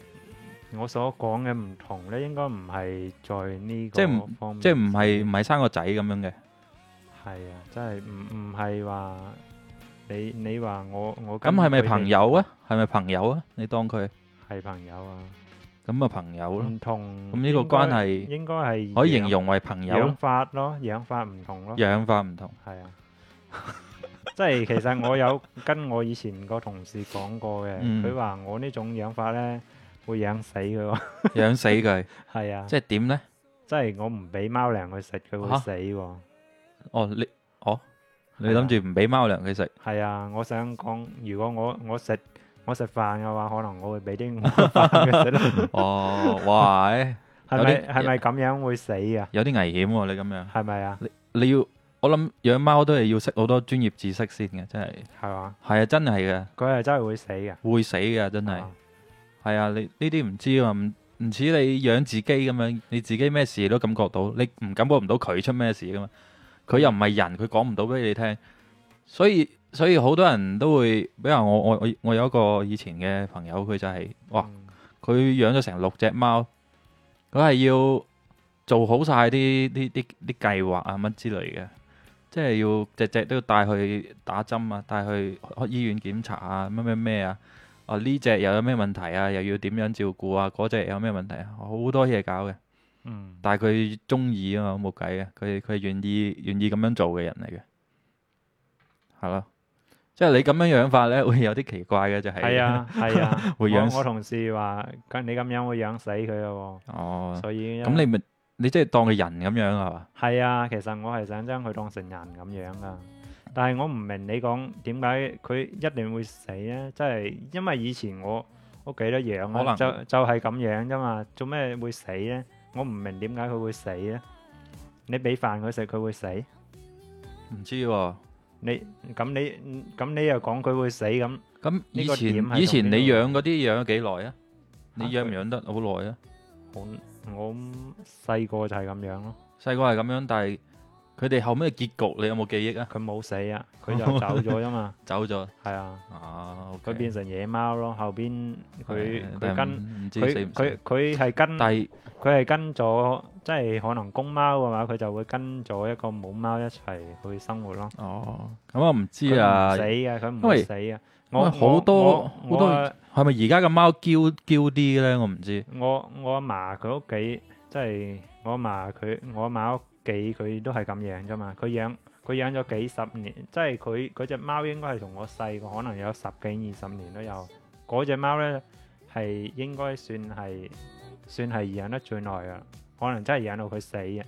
我所講嘅唔同咧，應該唔係在呢個即係唔即係唔係唔係生個仔咁樣嘅。係啊，即係唔唔係話你你話我我咁係咪朋友啊？係咪朋友啊？你當佢係朋友啊？咁啊，朋友咯，唔同咁呢個關係應該係可以形容為朋友養法咯，養法唔同咯，養法唔同係啊，即係其實我有跟我以前個同事講過嘅，佢話我呢種養法咧，會養死佢，養死佢係啊！即係點呢？即係我唔俾貓糧佢食，佢會死喎。哦，你哦，你諗住唔俾貓糧佢食？係啊，我想講，如果我我食我食飯嘅話，可能我會俾啲飯佢食咯。哦，喂！係咪係咪咁樣會死啊？有啲危險喎！你咁樣係咪啊？你你要我諗養貓都係要識好多專業知識先嘅。真係係嘛？係啊，真係嘅。佢係真係會死嘅，會死嘅，真係。係啊，你呢啲唔知啊，唔唔似你養自己咁樣，你自己咩事都感覺到，你唔感覺唔到佢出咩事噶嘛？佢又唔係人，佢講唔到俾你聽，所以所以好多人都會，比如我我我我有一個以前嘅朋友，佢就係、是、哇，佢養咗成六隻貓，佢係要做好晒啲啲啲計劃啊乜之類嘅，即係要隻隻都要帶去打針啊，帶去醫院檢查啊，咩咩咩啊。哦，呢隻又有咩問題啊？又要點樣照顧啊？嗰隻又有咩問題啊？好多嘢搞嘅，嗯。但係佢中意啊嘛，冇計啊。佢佢願意願意咁樣做嘅人嚟嘅，係咯。即係你咁樣養法咧，會有啲奇怪嘅就係。係啊係啊。 (laughs) (laughs) 會養死我，我同事話，咁你咁樣會養死佢嘅喎。哦。所以咁你咪你即係當個人咁樣係嘛？係啊，其實我係想將佢當成人咁樣㗎。但係我唔明你講，點解佢一定會死咧？即係因為以前我屋企都養啦，就就係咁樣啫嘛。做咩會死咧？我唔明點解佢會死咧？你俾飯佢食，佢會死？唔知喎。你咁你咁你又講佢會死咁？咁以前以前你養嗰啲養咗幾耐啊？你養唔養得好耐啊？好，我細個就係咁樣咯。細個係咁樣，但係。佢哋後尾嘅結局，你有冇記憶啊？佢冇死啊，佢就走咗啫嘛。走咗，係啊。哦，佢變成野貓咯。後邊佢佢跟佢佢佢係跟，佢係跟咗，即係可能公貓嘅話，佢就會跟咗一個母貓一齊去生活咯。哦，咁我唔知啊。死嘅，佢唔會死嘅。我好多好多，係咪而家嘅貓嬌嬌啲咧？我唔知。我我阿嫲佢屋企，即係我阿嫲佢我阿嫲屋。幾佢都係咁養啫嘛，佢養佢養咗幾十年，即係佢嗰隻貓應該係同我細個可能有十幾二十年都有，嗰隻貓咧係應該算係算係養得最耐啊，可能真係養到佢死嘅。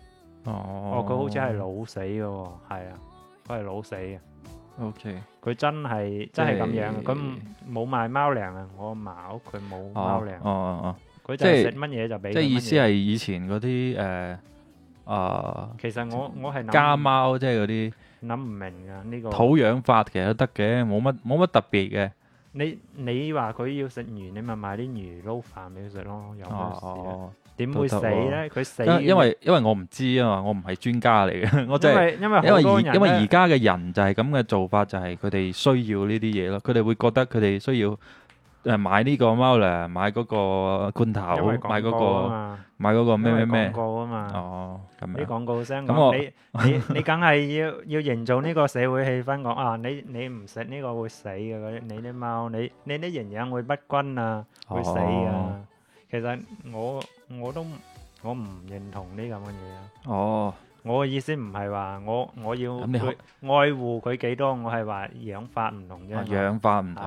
哦哦，佢好似係老死嘅，係啊，佢係老死嘅。OK，佢真係真係咁養，咁冇買貓糧啊，我阿嫲屋，佢冇貓糧。哦哦哦，佢就係食乜嘢就俾。即係意思係以前嗰啲誒。啊，其實我我係家貓，即係嗰啲諗唔明噶呢、呢個土養法其實都得嘅，冇乜冇乜特別嘅。你你話佢要食魚，你咪買啲魚撈飯俾佢食咯，有乜事點、啊哦、會死咧？佢、哦、死，因為因為我唔知啊嘛，我唔係專家嚟嘅。我即係因為因為而因為而家嘅人就係咁嘅做法，就係佢哋需要呢啲嘢咯，佢哋會覺得佢哋需要。誒，買呢個貓糧，買嗰個罐頭，買嗰個買嗰個咩咩咩，廣告啊嘛，哦，咁啊，啲廣告聲，咁樣 (laughs) 你你你梗係要要營造呢個社會氣氛，講啊，你你唔食呢個會死嘅啲，你啲貓，你你啲營養會不均啊，會死啊。哦、其實我我都我唔認同呢咁嘅嘢啊。哦，我嘅意思唔係話我我要愛護佢幾多，我係話養法唔同啫。養法唔同，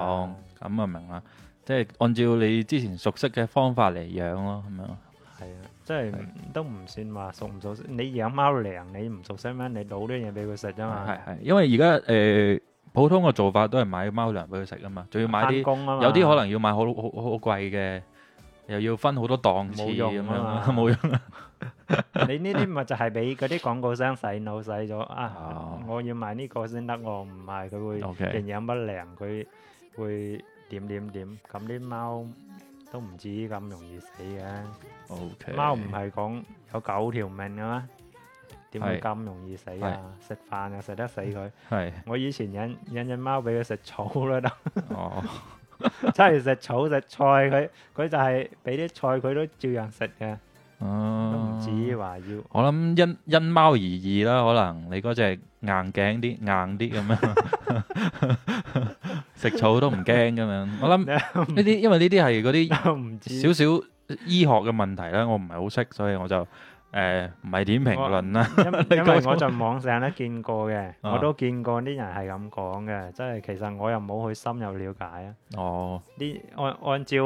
咁啊就明啦。即係按照你之前熟悉嘅方法嚟養咯，咁樣。係啊，即係都唔算話熟唔熟，熟悉。你養貓糧，你唔熟悉咩？你倒啲嘢俾佢食啫嘛。係係，因為而家誒普通嘅做法都係買貓糧俾佢食啊嘛，仲要買啲有啲可能要買好好好貴嘅，又要分好多檔次咁、啊、樣，冇用、啊。 (laughs) (laughs) 你呢啲咪就係俾嗰啲廣告商洗腦洗咗啊！哦、我要買呢個先得，我唔買，佢會營養不良，佢會。Okay. (laughs) 點點點，咁啲貓都唔至於咁容易死嘅。Ok. 貓唔係講有九條命嘅咩？點會咁容易死啊？食飯又食得死佢。係是。我以前養養隻貓，俾佢食草咧都。哦、 (laughs) oh. (laughs) 真係食草食菜佢，佢就係俾啲菜佢都照樣食嘅。哦，唔至於話要。我諗因因貓而異啦，可能你嗰隻硬頸啲、硬啲咁樣， (laughs) (laughs) 食草都唔驚咁樣。我諗呢啲，因為呢啲係嗰啲少少醫學嘅問題啦，我唔係好識，所以我就。誒，唔係點評論啦、啊，因為我在網上都見過嘅， (laughs) 嗯、我都見過啲人係咁講嘅，即係其實我又冇去深入了解啊。哦，啲按按照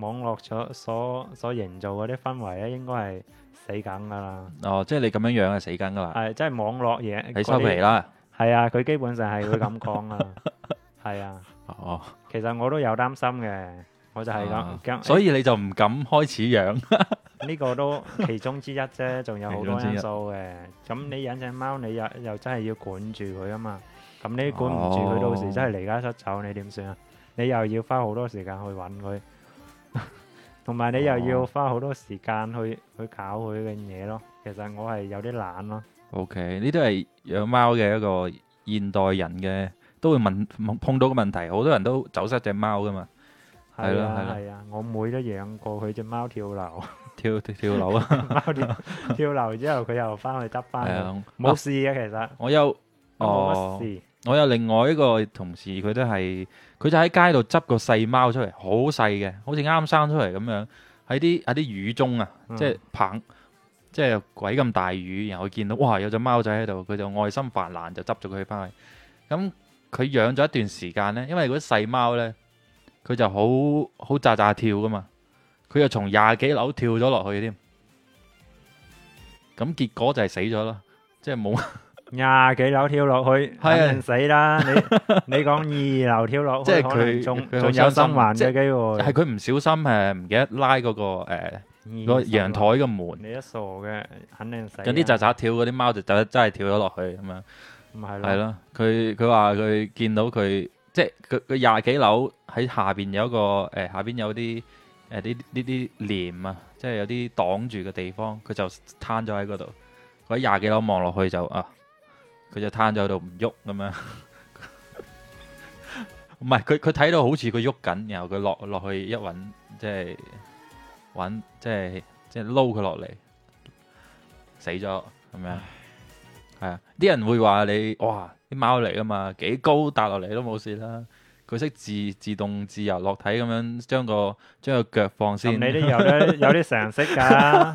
網絡所所所營造嗰啲氛圍咧，應該係死梗噶啦。哦，即係你咁樣樣係死梗噶啦。係，即係網絡嘢。你收皮啦。係啊，佢基本上係會咁講 (laughs) 啊。係啊。哦。其實我都有擔心嘅。我就係咁，所以你就唔敢開始養。呢個都其中之一啫，仲有好多因素嘅。咁你養隻貓，你又又真係要管住佢啊嘛？咁你管唔住佢，到時真係離家出走，你點算啊？你又要花好多時間去揾佢，同埋你又要花好多時間去去搞佢嘅嘢咯。其實我係有啲懶咯。OK，呢啲係養貓嘅一個現代人嘅都會問碰到嘅問題，好多人都走失隻貓噶嘛。係啦，係啊！啊啊啊我妹都養過佢隻貓跳樓， (laughs) 跳跳樓啊 (laughs) 跳樓之後，佢又翻去執翻。冇、啊、事嘅其實。我有，我事、呃。我有另外一個同事，佢都係，佢就喺街度執個細貓出嚟，好細嘅，好似啱生出嚟咁樣。喺啲喺啲雨中啊、嗯，即係棒，即係鬼咁大雨，然後見到哇有隻貓仔喺度，佢就愛心泛濫就執咗佢翻去。咁佢養咗一段時間呢，因為嗰啲細貓呢。佢就好好咋咋跳噶嘛，佢又從廿幾樓跳咗落去添，咁結果就係死咗咯，即係冇廿幾樓跳落去肯定死啦。你你講二樓跳落去，即係佢仲仲有生還嘅機會，係佢唔小心誒，唔記得拉嗰個誒個陽台嘅門。你一傻嘅，肯定死。有啲咋咋跳嗰啲貓就真真係跳咗落去咁樣，係咯。佢佢話佢見到佢。即係佢佢廿幾樓喺下邊有一個誒、哎、下邊有啲誒呢呢啲簾啊，即係有啲擋住嘅地方，佢就攤咗喺嗰度。佢喺廿幾樓望落去就，啊，佢就攤咗喺度唔喐咁樣。唔 (laughs) 係，佢佢睇到好似佢喐緊，然後佢落落去一揾，即係揾，即係即係撈佢落嚟，死咗咁樣。係啊唉，啲人會話你哇。貓嚟噶嘛，幾高跌落嚟都冇事啦。佢識自自動自由落體咁樣將個，將個將個腳放先你。你都有啲有啲常識噶。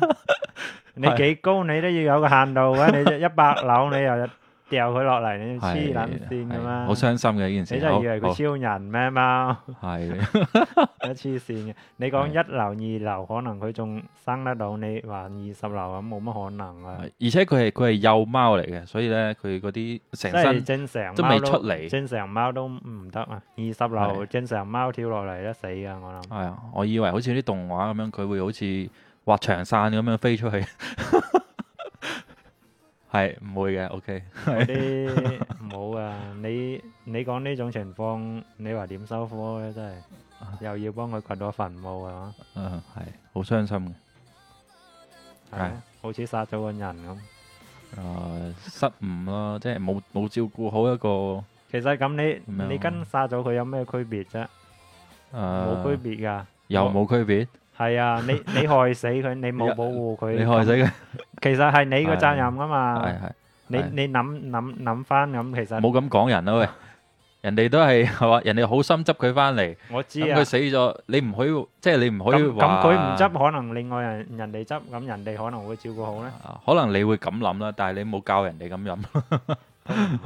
你幾高你都要有個限度嘅。 (laughs) 你一百樓你又有？掉佢落嚟，你黐撚線咁啊！好傷心嘅呢件事，你真係以為佢超人咩貓？係，好黐線嘅。你講一樓、二樓，可能佢仲生得到，是你話二十樓咁冇乜可能啊！而且佢係佢係幼貓嚟嘅，所以咧佢嗰啲成身都未出嚟，正常貓都唔得啊！二十樓是正常貓跳落嚟都死噶，我諗。係啊，我以為好似啲動畫咁樣，佢會好似滑翔傘咁樣飛出去。 (laughs) 係唔會嘅，OK。啲唔好啊，你你講呢種情況，你話點收科咧？真係又要幫佢掘咗墳墓啊！嗯，係好傷心嘅，係好似殺咗個人咁。啊，失誤咯，即係冇冇照顧好一個。其實咁，你你跟殺咗佢有咩區別啫？誒，冇區別噶，又冇區別。係啊，你你害死佢，你冇保護佢，你害死佢。其實係你嘅責任啊嘛。係係，你你諗諗諗翻咁，其實冇咁講人咯喂，人哋都係係嘛，人哋好心執佢翻嚟。我知啊，咁佢死咗，你唔可以，即係你唔可以話。咁佢唔執，可能另外人人哋執，咁人哋可能會照顧好咧。可能你會咁諗啦，但係你冇教人哋咁諗。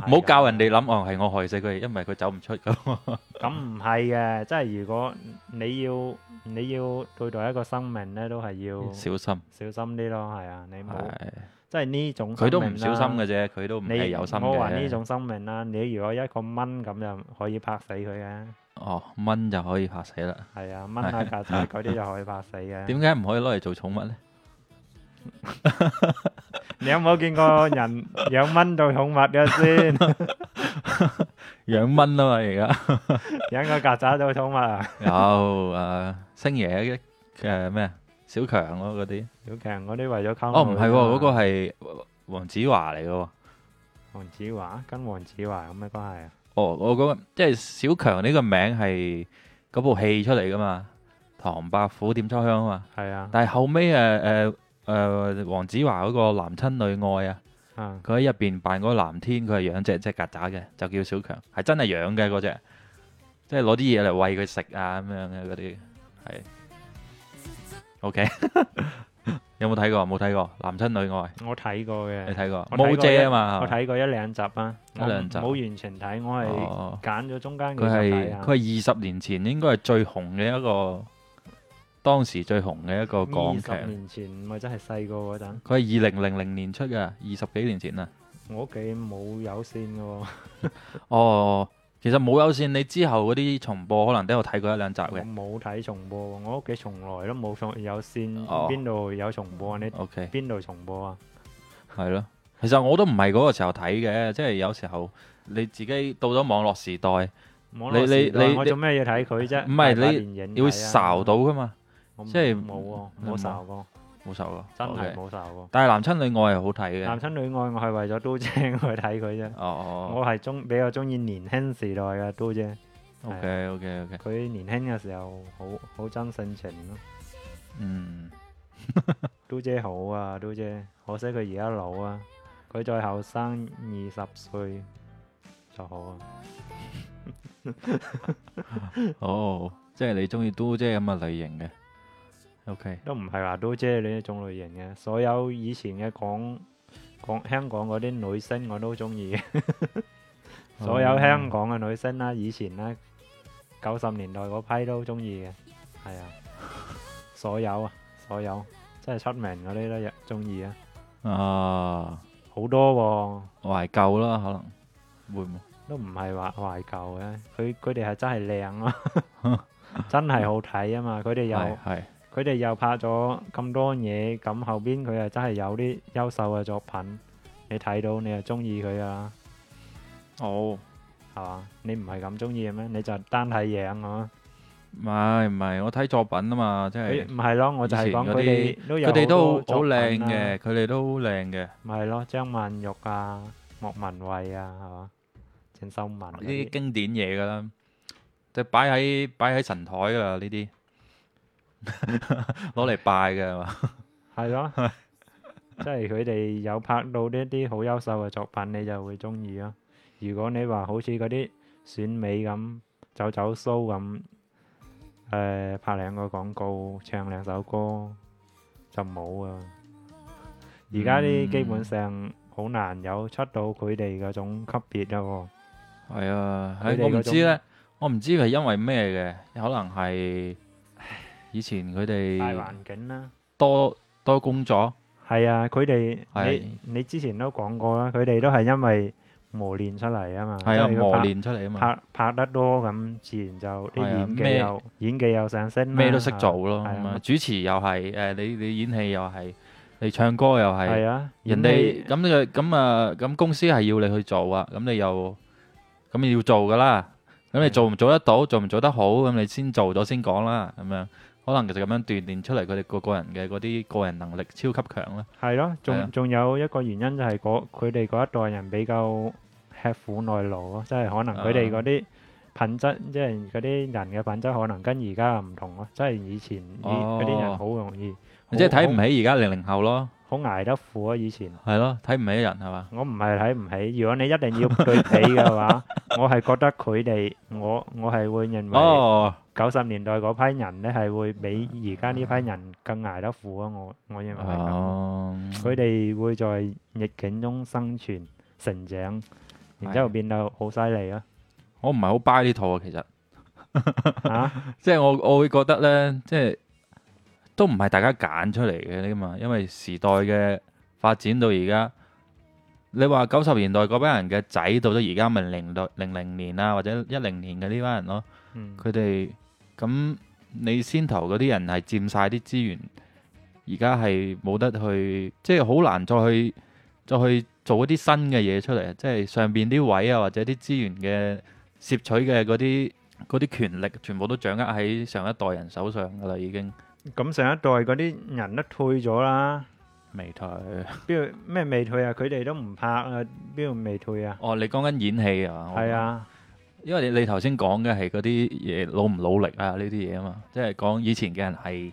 唔好教人哋諗哦，係我害死佢，因為佢走唔出咁。咁唔係嘅，即係如果你要你要對待一個生命咧，都係要小心小心啲咯。係啊，你冇，即係呢種生命，佢都唔小心嘅啫，佢都唔係有心嘅。我話呢種生命啦，你如果一個蚊咁就可以拍死佢嘅。哦，蚊就可以拍死啦。係啊，蚊啊，甲蟲嗰啲就可以拍死嘅。點解唔可以攞嚟做寵物咧？你有冇見過人養蚊做寵物嘅先？養蚊啊嘛，而家養個曱甴做寵物啊？有啊，星爺嘅誒咩？小強咯，嗰啲小強嗰啲為咗溝女哦，唔係嗰個係黃子華嚟嘅。黃子華跟黃子華有咩關係啊？哦，我覺得即係小強呢個名係嗰部戲出嚟噶嘛，《唐伯虎點秋香》啊嘛。係啊，但係後尾誒誒。誒黃子華嗰個男親女愛啊，佢喺入邊扮嗰個藍天，佢係養隻隻曱甴嘅，就叫小強，係真係養嘅嗰隻，即係攞啲嘢嚟餵佢食啊咁樣嘅嗰啲，係 OK。 (laughs) 有冇睇過？冇睇過《男親女愛》我。我睇過嘅，你睇過？冇借啊嘛。我睇過一兩吧集啊，一兩集，啊，冇完全睇，我係揀咗中間嘅。佢係佢係二十年前，年前應該係最紅嘅一個。當時最紅嘅一個港劇，二十年前咪真係細個嗰陣。佢係二零零零年出嘅，二十幾年前啊。我屋企冇有線嘅喎。哦，其實冇有線，你之後嗰啲重播可能都有睇過一兩集嘅。冇睇重播，我屋企從來都冇重有線，邊度有重播啊？你 OK，邊度重播啊？係咯，其實我都唔係嗰個時候睇嘅，即係有時候你自己到咗網絡時代，你你你我做咩要睇佢啫？唔係你你會睄到噶嘛？即係冇喎，冇受過，冇受過，真係冇受過。但係男親女愛係好睇嘅，男親女愛我係為咗都姐去睇佢啫。哦哦，我係中比較中意年輕時代嘅都姐。OK OK OK，佢年輕嘅時候好好真性情咯。嗯，都姐好啊，都姐，可惜佢而家老啊。佢再後生二十歲就好啊。哦，即係你中意都姐咁嘅類型嘅。O K，都唔係話都即係呢一種類型嘅，所有以前嘅講，講香港嗰啲女星我都中意嘅，所有香港嘅女星啦，以前啦，九十年代嗰批都中意嘅，係啊，所有啊，所有，真係出名嗰啲咧都中意啊，啊，好多喎，懷舊啦可能，會唔，都唔係話懷舊嘅，佢佢哋係真係靚咯，真係好睇啊嘛，佢哋又係。佢哋又拍咗咁多嘢，咁後邊佢又真係有啲優秀嘅作品，你睇到你又中意佢啊？哦，係嘛？你唔係咁中意嘅咩？你就單睇樣啊？唔係唔係，我睇作、就是、作品啊嘛，即係唔係咯？我就係講佢哋，佢哋都好靚嘅，佢哋都好靚嘅。唔係咯，張曼玉啊，莫文蔚啊，係嘛？鄭秀文呢啲經典嘢噶啦，就擺喺擺喺神台噶啦呢啲。攞嚟 (laughs) 拜嘅係嘛？係咯吧， (laughs) 即係佢哋有拍到呢啲好優秀嘅作品，你就會中意咯。如果你話好似嗰啲選美咁走走 show 咁，誒、呃，拍兩個廣告，唱兩首歌就冇啊。而家啲基本上好難有出到佢哋嗰種級別啦。係啊，我唔知咧，我唔知係因為咩嘅，可能係。以前佢哋大環境啦，多多工作。係啊，佢哋你你之前都講過啦，佢哋都係因為磨練出嚟啊嘛。係啊，磨練出嚟啊嘛。拍拍得多咁，自然就啲演技又演技又上升。咩都識做咯，主持又係誒，你你演戲又係，你唱歌又係。係啊，人哋咁你咁啊咁公司係要你去做啊，咁你又咁要做㗎啦。咁你做唔做得到？做唔做得好？咁你先做咗先講啦，咁樣。可能其實咁樣鍛鍊出嚟，佢哋個個人嘅嗰啲個人能力超級強啦。係咯、啊，仲仲有一個原因就係佢哋嗰一代人比較吃苦耐勞啊，即係可能佢哋嗰啲品質，即係嗰啲人嘅品質，可能跟而家唔同咯。即係以前，嗰啲人好容易，哦、好即係睇唔起而家零零後咯。我挨得苦啊！以前係咯，睇唔起人係嘛？我唔係睇唔起，如果你一定要對比嘅話，我係覺得佢哋，我我係會認為九十年代嗰批人呢係會比而家呢批人更挨得苦啊！我我認為係咁，佢哋會在逆境中生存成長，然之後變到好犀利啊！我唔係好 buy 呢套啊，其實啊，即係我我會覺得呢，即係。都唔係大家揀出嚟嘅啲嘛，因為時代嘅發展到而家，你話九十年代嗰班人嘅仔到咗而家咪零零年代，零零年啊，或者一零年嘅呢班人咯，佢哋咁你先頭嗰啲人係佔晒啲資源，而家係冇得去，即係好難再去再去做一啲新嘅嘢出嚟，即係上邊啲位啊或者啲資源嘅攝取嘅嗰啲嗰啲權力，全部都掌握喺上一代人手上噶啦，已經。咁上一代嗰啲人都退咗啦，未退。邊度咩未退啊？佢哋都唔拍啊，邊度未退啊？哦，你講緊演戲啊？係啊，因為你你頭先講嘅係嗰啲嘢，努唔努力啊呢啲嘢啊嘛，即係講以前嘅人係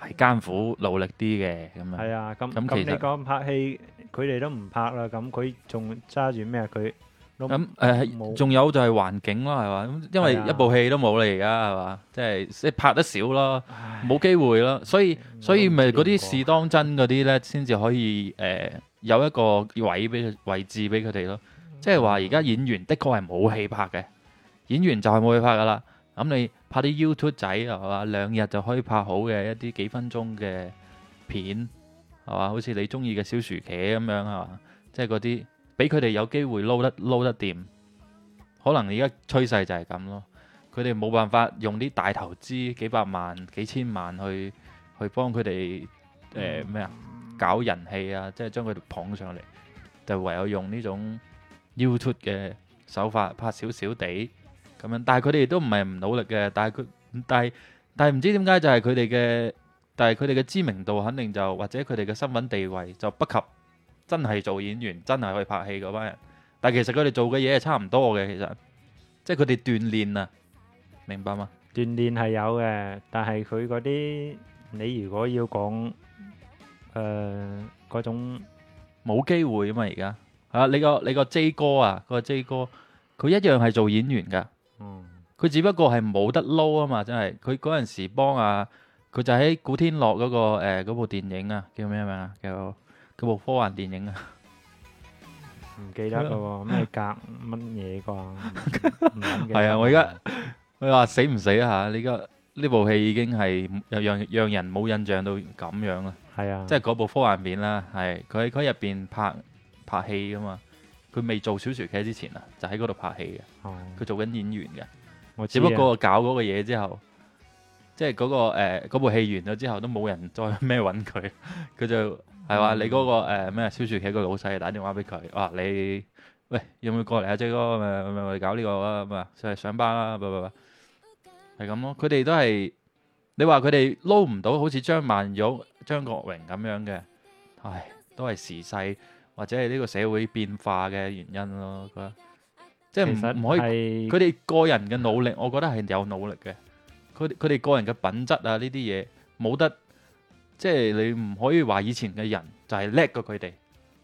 係艱苦努力啲嘅咁樣。係啊，咁咁其實你講拍戲，佢哋都唔拍啦，咁佢仲揸住咩啊佢？咁誒，仲、嗯呃、有就係環境啦，係嘛？因為一部戲都冇啦，而家係嘛？即係即拍得少咯，冇唉機會咯。所以、嗯、所以咪嗰啲事當真嗰啲咧，先至可以誒、呃、有一個位俾位置俾佢哋咯。即係話而家演員的確係冇戲拍嘅，演員就係冇戲拍噶啦。咁你拍啲 YouTube 仔係嘛？兩日就可以拍好嘅一啲幾分鐘嘅片係嘛？好似你中意嘅小薯茄咁樣係嘛？即係嗰啲。俾佢哋有機會撈得撈得掂，可能而家趨勢就係咁咯。佢哋冇辦法用啲大投資幾百萬、幾千萬去去幫佢哋誒咩啊？搞人氣啊，即係將佢哋捧上嚟，就唯有用呢種 YouTube 嘅手法拍少少地咁樣。但係佢哋都唔係唔努力嘅，但係佢但係但係唔知點解就係佢哋嘅，但係佢哋嘅知名度肯定就或者佢哋嘅身份地位就不及。真係做演員，真係去拍戲嗰班人，但其實佢哋做嘅嘢係差唔多嘅，其實即係佢哋鍛煉啊，明白嗎？鍛煉係有嘅，但係佢嗰啲你如果要講誒嗰種冇機會啊嘛而家，啊你個你個 J 哥啊，個 J 哥佢一樣係做演員噶，嗯，佢只不過係冇得撈啊嘛，真係佢嗰陣時幫啊，佢就喺古天樂嗰、個誒嗰、呃、部電影啊叫咩名啊叫？叫嗰部科幻電影啊，唔記得個咩格乜嘢啩？係啊，我而家我話死唔死啊吓？呢家，呢部戲已經係讓讓人冇印象到咁樣啊。係啊，即係嗰部科幻片啦，啊，係佢喺佢入邊拍拍戲噶嘛？佢未做小說劇之前啊，就喺嗰度拍戲嘅。佢做緊演員嘅，我啊、只不過搞嗰個嘢之後，即係嗰、那個誒嗰、呃、部戲完咗之後，都冇人再咩搵佢，佢就。係話你嗰個誒咩？蕭樹奇個老細打電話俾佢，哇你喂有冇過嚟啊？即係嗰個誒誒搞呢個啊咁啊，即係上班啦，唔唔好啊，係咁咯。佢哋都係你話佢哋撈唔到，好似張曼玉、張國榮咁樣嘅，唉，都係時勢或者係呢個社會變化嘅原因咯。覺得即係唔唔可以，佢哋個人嘅努力，我覺得係有努力嘅。佢佢哋個人嘅品質啊，呢啲嘢冇得。即係你唔可以話以前嘅人就係叻過佢哋，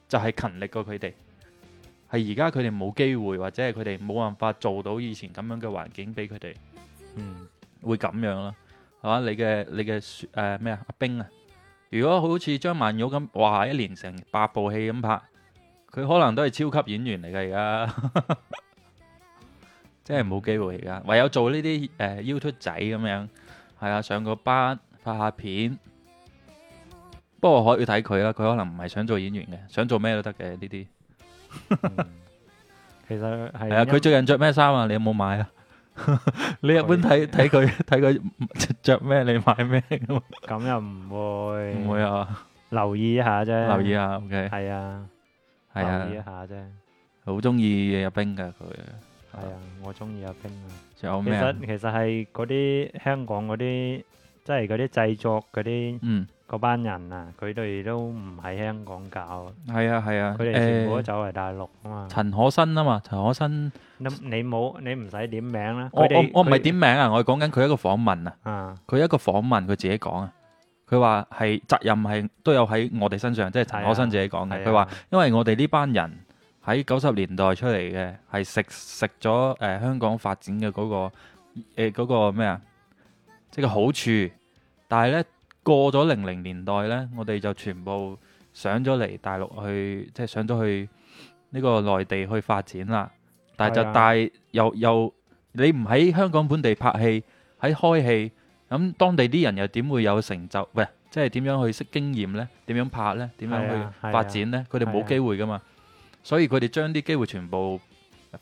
就係、是、勤力過佢哋，係而家佢哋冇機會，或者係佢哋冇辦法做到以前咁樣嘅環境俾佢哋。嗯，會咁樣咯，係、啊、嘛？你嘅你嘅誒咩啊？阿冰啊，如果好似張曼玉咁，哇！一連成八部戲咁拍，佢可能都係超級演員嚟㗎。而 (laughs) 家即係冇機會，而家唯有做呢啲誒 YouTube 仔咁樣係啊，上個班拍下片。不過可以睇佢啦，佢可能唔係想做演員嘅，想做咩都得嘅呢啲。其實係啊，佢最近着咩衫啊？你有冇買啊？你一般睇睇佢睇佢着咩，你買咩？咁又唔會唔會啊？留意一下啫，留意啊，OK，係啊，係啊，留意一下啫。好中意阿冰嘅佢，係啊，我中意阿冰啊。其實其實係嗰啲香港嗰啲。即係嗰啲製作嗰啲，嗰、嗯、班人啊，佢哋都唔喺香港搞。係啊係啊，佢哋全部都走嚟大陸啊、呃、嘛。陳可辛啊嘛，陳可辛。你冇你唔使點名啦。我我唔係點名啊，他我係講緊佢一個訪問啊。佢一個訪問，佢、啊、自己講啊。佢話係責任係都有喺我哋身上，即係陳可辛自己講嘅。佢話、啊啊、因為我哋呢班人喺九十年代出嚟嘅，係食食咗誒香港發展嘅嗰、嗰個誒嗰、呃嗰個咩啊，即係個好處。但係咧過咗零零年代咧，我哋就全部上咗嚟大陸去，即係上咗去呢個內地去發展啦。但係就大又又你唔喺香港本地拍戲，喺開戲咁、嗯、當地啲人又點會有成就？喂，即係點樣去識經驗咧？點樣拍咧？點樣去發展咧？佢哋冇機會噶嘛，啊、所以佢哋將啲機會全部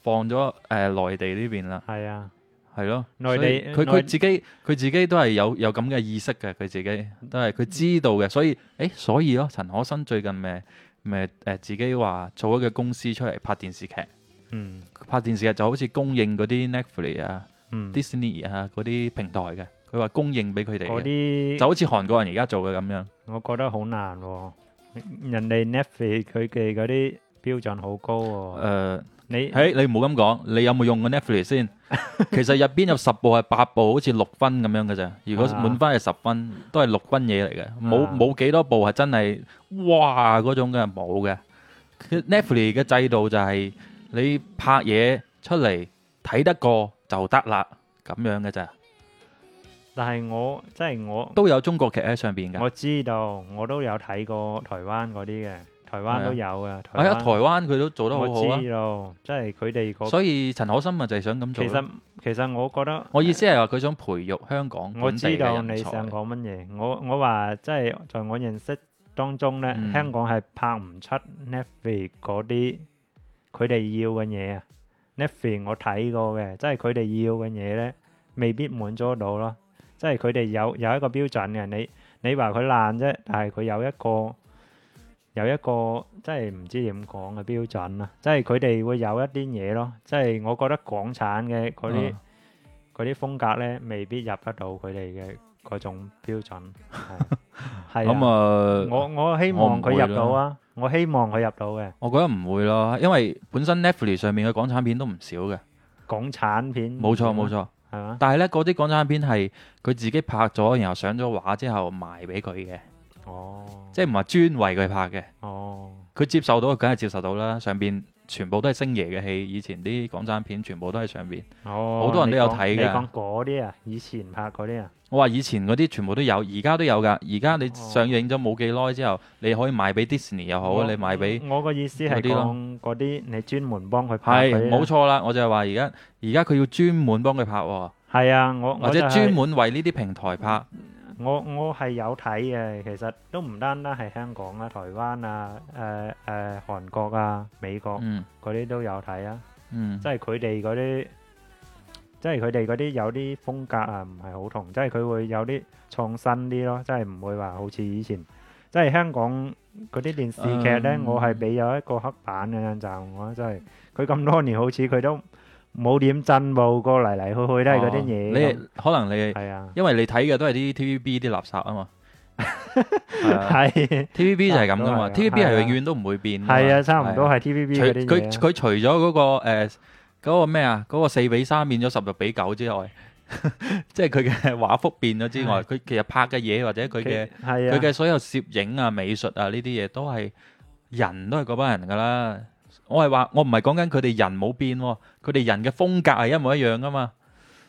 放咗誒內地呢邊啦。係啊。係咯，內地佢佢自己佢自己都係有有咁嘅意識嘅，佢自己都係佢知道嘅，所以誒、欸、所以咯，陳可辛最近咪咪誒自己話做一個公司出嚟拍電視劇，嗯，拍電視劇就好似供應嗰啲 Netflix 啊、嗯、Disney 啊嗰啲平台嘅，佢話供應俾佢哋嘅，些就好似韓國人而家做嘅咁樣。我覺得好難喎、哦，人哋 Netflix 佢哋嗰啲標準好高喎、哦。呃你，誒，hey, 你唔好咁講，你有冇用過 Netflix 先？ (laughs) 其實入邊有十部係八部，好似六分咁樣嘅咋。如果滿分係十分，都係六分嘢嚟嘅，冇冇幾多部係真係，哇嗰種嘅冇嘅。Netflix 嘅制度就係、是、你拍嘢出嚟睇得過就得啦，咁樣嘅咋？但係我即係、就是、我都有中國劇喺上邊嘅。我知道，我都有睇過台灣嗰啲嘅。台灣都有嘅，啊！台灣佢都做得好好啊，即係佢哋個。所以陳可辛咪就係想咁做。其實其實我覺得，我意思係話佢想培育香港本地嘅人才。我知道你想講乜嘢，我我話即係在我認識當中咧，香港係拍唔出 Netflix 嗰啲佢哋要嘅嘢啊。Netflix 我睇過嘅，即係佢哋要嘅嘢咧，未必滿足到咯。即係佢哋有有一個標準嘅，你你話佢爛啫，但係佢有一個。有一個真係唔知點講嘅標準啦，即係佢哋會有一啲嘢咯，即係我覺得港產嘅嗰啲啲風格呢，未必入得到佢哋嘅嗰種標準。係咁、嗯、 (laughs) 啊！嗯、我我希望佢入到啊！我希望佢入到嘅。我，到我覺得唔會咯，因為本身 Netflix 上面嘅港產片都唔少嘅。港產片。冇錯冇錯，係嘛？嗎但係呢嗰啲港產片係佢自己拍咗，然後上咗畫之後賣俾佢嘅。哦，即係唔係專為佢拍嘅。哦，佢接受到梗係接受到啦。上邊全部都係星爺嘅戲，以前啲港產片全部都係上邊。哦，好多人都有睇嘅。你講嗰啲啊，以前拍嗰啲啊。我話以前嗰啲全部都有，而家都有噶。而家你上映咗冇幾耐之後，你可以賣俾 Disney 又好，我你賣俾我個意思係講嗰啲你專門幫佢拍、啊。係，冇錯啦。我就係話而家，而家佢要專門幫佢拍。係啊，我，我、就係、或者專門為呢啲平台拍。我我係有睇嘅，其實都唔單單係香港啊、台灣啊、誒誒韓國啊、美國嗰啲、嗯、都有睇啊、嗯，即係佢哋嗰啲，即係佢哋嗰啲有啲風格啊，唔係好同，即係佢會有啲創新啲咯，即係唔會話好似以前，即係香港嗰啲電視劇咧，嗯、我係俾有一個黑板嘅印象，我即係佢咁多年好似佢都，冇點進步過，嚟嚟去去都係嗰啲嘢。你可能你係啊，因為你睇嘅都係啲 TVB 啲垃圾啊嘛，係 TVB 就係咁噶嘛，TVB 係永遠都唔會變，係啊，差唔多係 TVB。佢佢除咗嗰、嗰個誒、呃嗰個咩啊嗰個四比三變咗十六比九之外，即係佢嘅畫幅變咗之外，佢、啊、其實拍嘅嘢或者佢嘅佢嘅所有攝影啊美術啊呢啲嘢都係人都係嗰班人噶啦。我係話我唔係講緊佢哋人冇變，佢哋人嘅風格係一模一樣㗎嘛。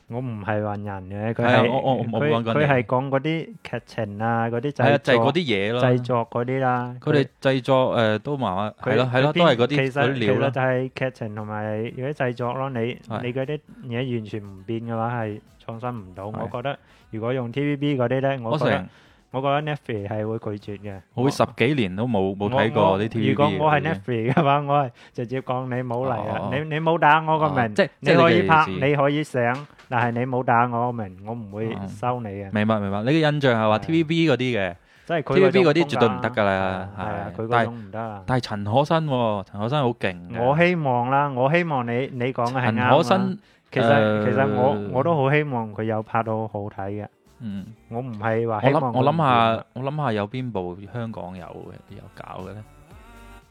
我唔係話人嘅，佢係佢佢係講嗰啲劇情啊，嗰、就、啲、係、製作製作嗰啲啦。佢、呃、哋製作誒都麻麻，係咯係咯，都係嗰啲嗰啲料啦。就係劇情同埋如果製作咯。你是你嗰啲嘢完全唔變嘅話，係創新唔到。是我覺得如果用 T V B 嗰啲咧，我覺得。嗯我覺得 Netflix 係會拒絕嘅。我會十幾年都冇冇睇過呢 T V B。如果我係 Netflix 嘅話，我係直接講你冇嚟啦，你你冇打我個名，即係你可以拍，你可以上，但係你冇打我個名，我唔會收你嘅。明白明白，你嘅印象係話 T V B 嗰啲嘅，即係佢 T V B 嗰啲絕對唔得噶啦。係啊，佢嗰種唔得。但係陳可辛，陳可辛好勁。我希望啦，我希望你你講嘅係啱。陳可辛，其實其實我我都好希望佢有拍到好睇嘅。嗯，我唔係話我諗下，我諗下有邊部香港有有搞嘅咧？誒、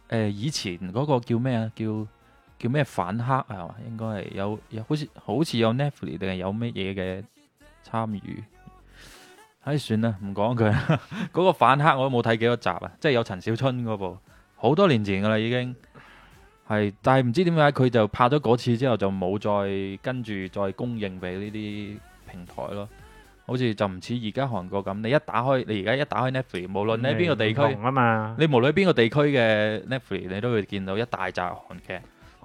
呃，以前嗰個叫咩啊？叫叫咩反黑係嘛？應該係有有好似好似有 Netflix 定係有乜嘢嘅參與？唉、哎，算啦，唔講佢。嗰個反黑我都冇睇幾多集啊，即係有陳小春嗰部，好多年前噶啦已經係，但係唔知點解佢就拍咗嗰次之後就冇再跟住再供應俾呢啲平台咯。好似就唔似而家韓國咁，你一打開你而家一打開 Netflix，無論你喺邊個地區，紅啊嘛！你無論喺邊個地區嘅 Netflix，你都會見到一大扎韓劇。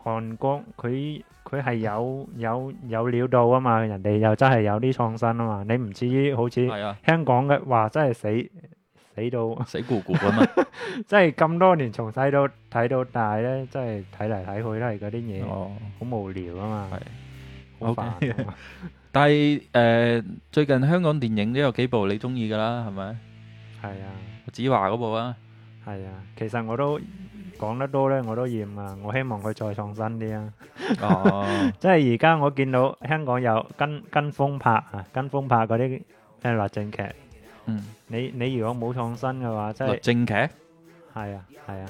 韓國佢佢係有有有料到啊嘛，人哋又真係有啲創新啊嘛。你唔至於好似香港嘅話，真係死死到死固固咁嘛！真係咁多年，從細到睇到大咧，真係睇嚟睇去都係嗰啲嘢，好無聊啊嘛，好煩。但係誒、呃，最近香港電影都有幾部你中意噶啦，係咪？係啊，子華嗰部啊。係啊，其實我都講得多咧，我都厭啊。我希望佢再創新啲啊。哦， (laughs) 即係而家我見到香港有跟跟風拍啊，跟風拍嗰啲誒律政劇。嗯，你你如果冇創新嘅話，即係。律政劇。係啊，係啊。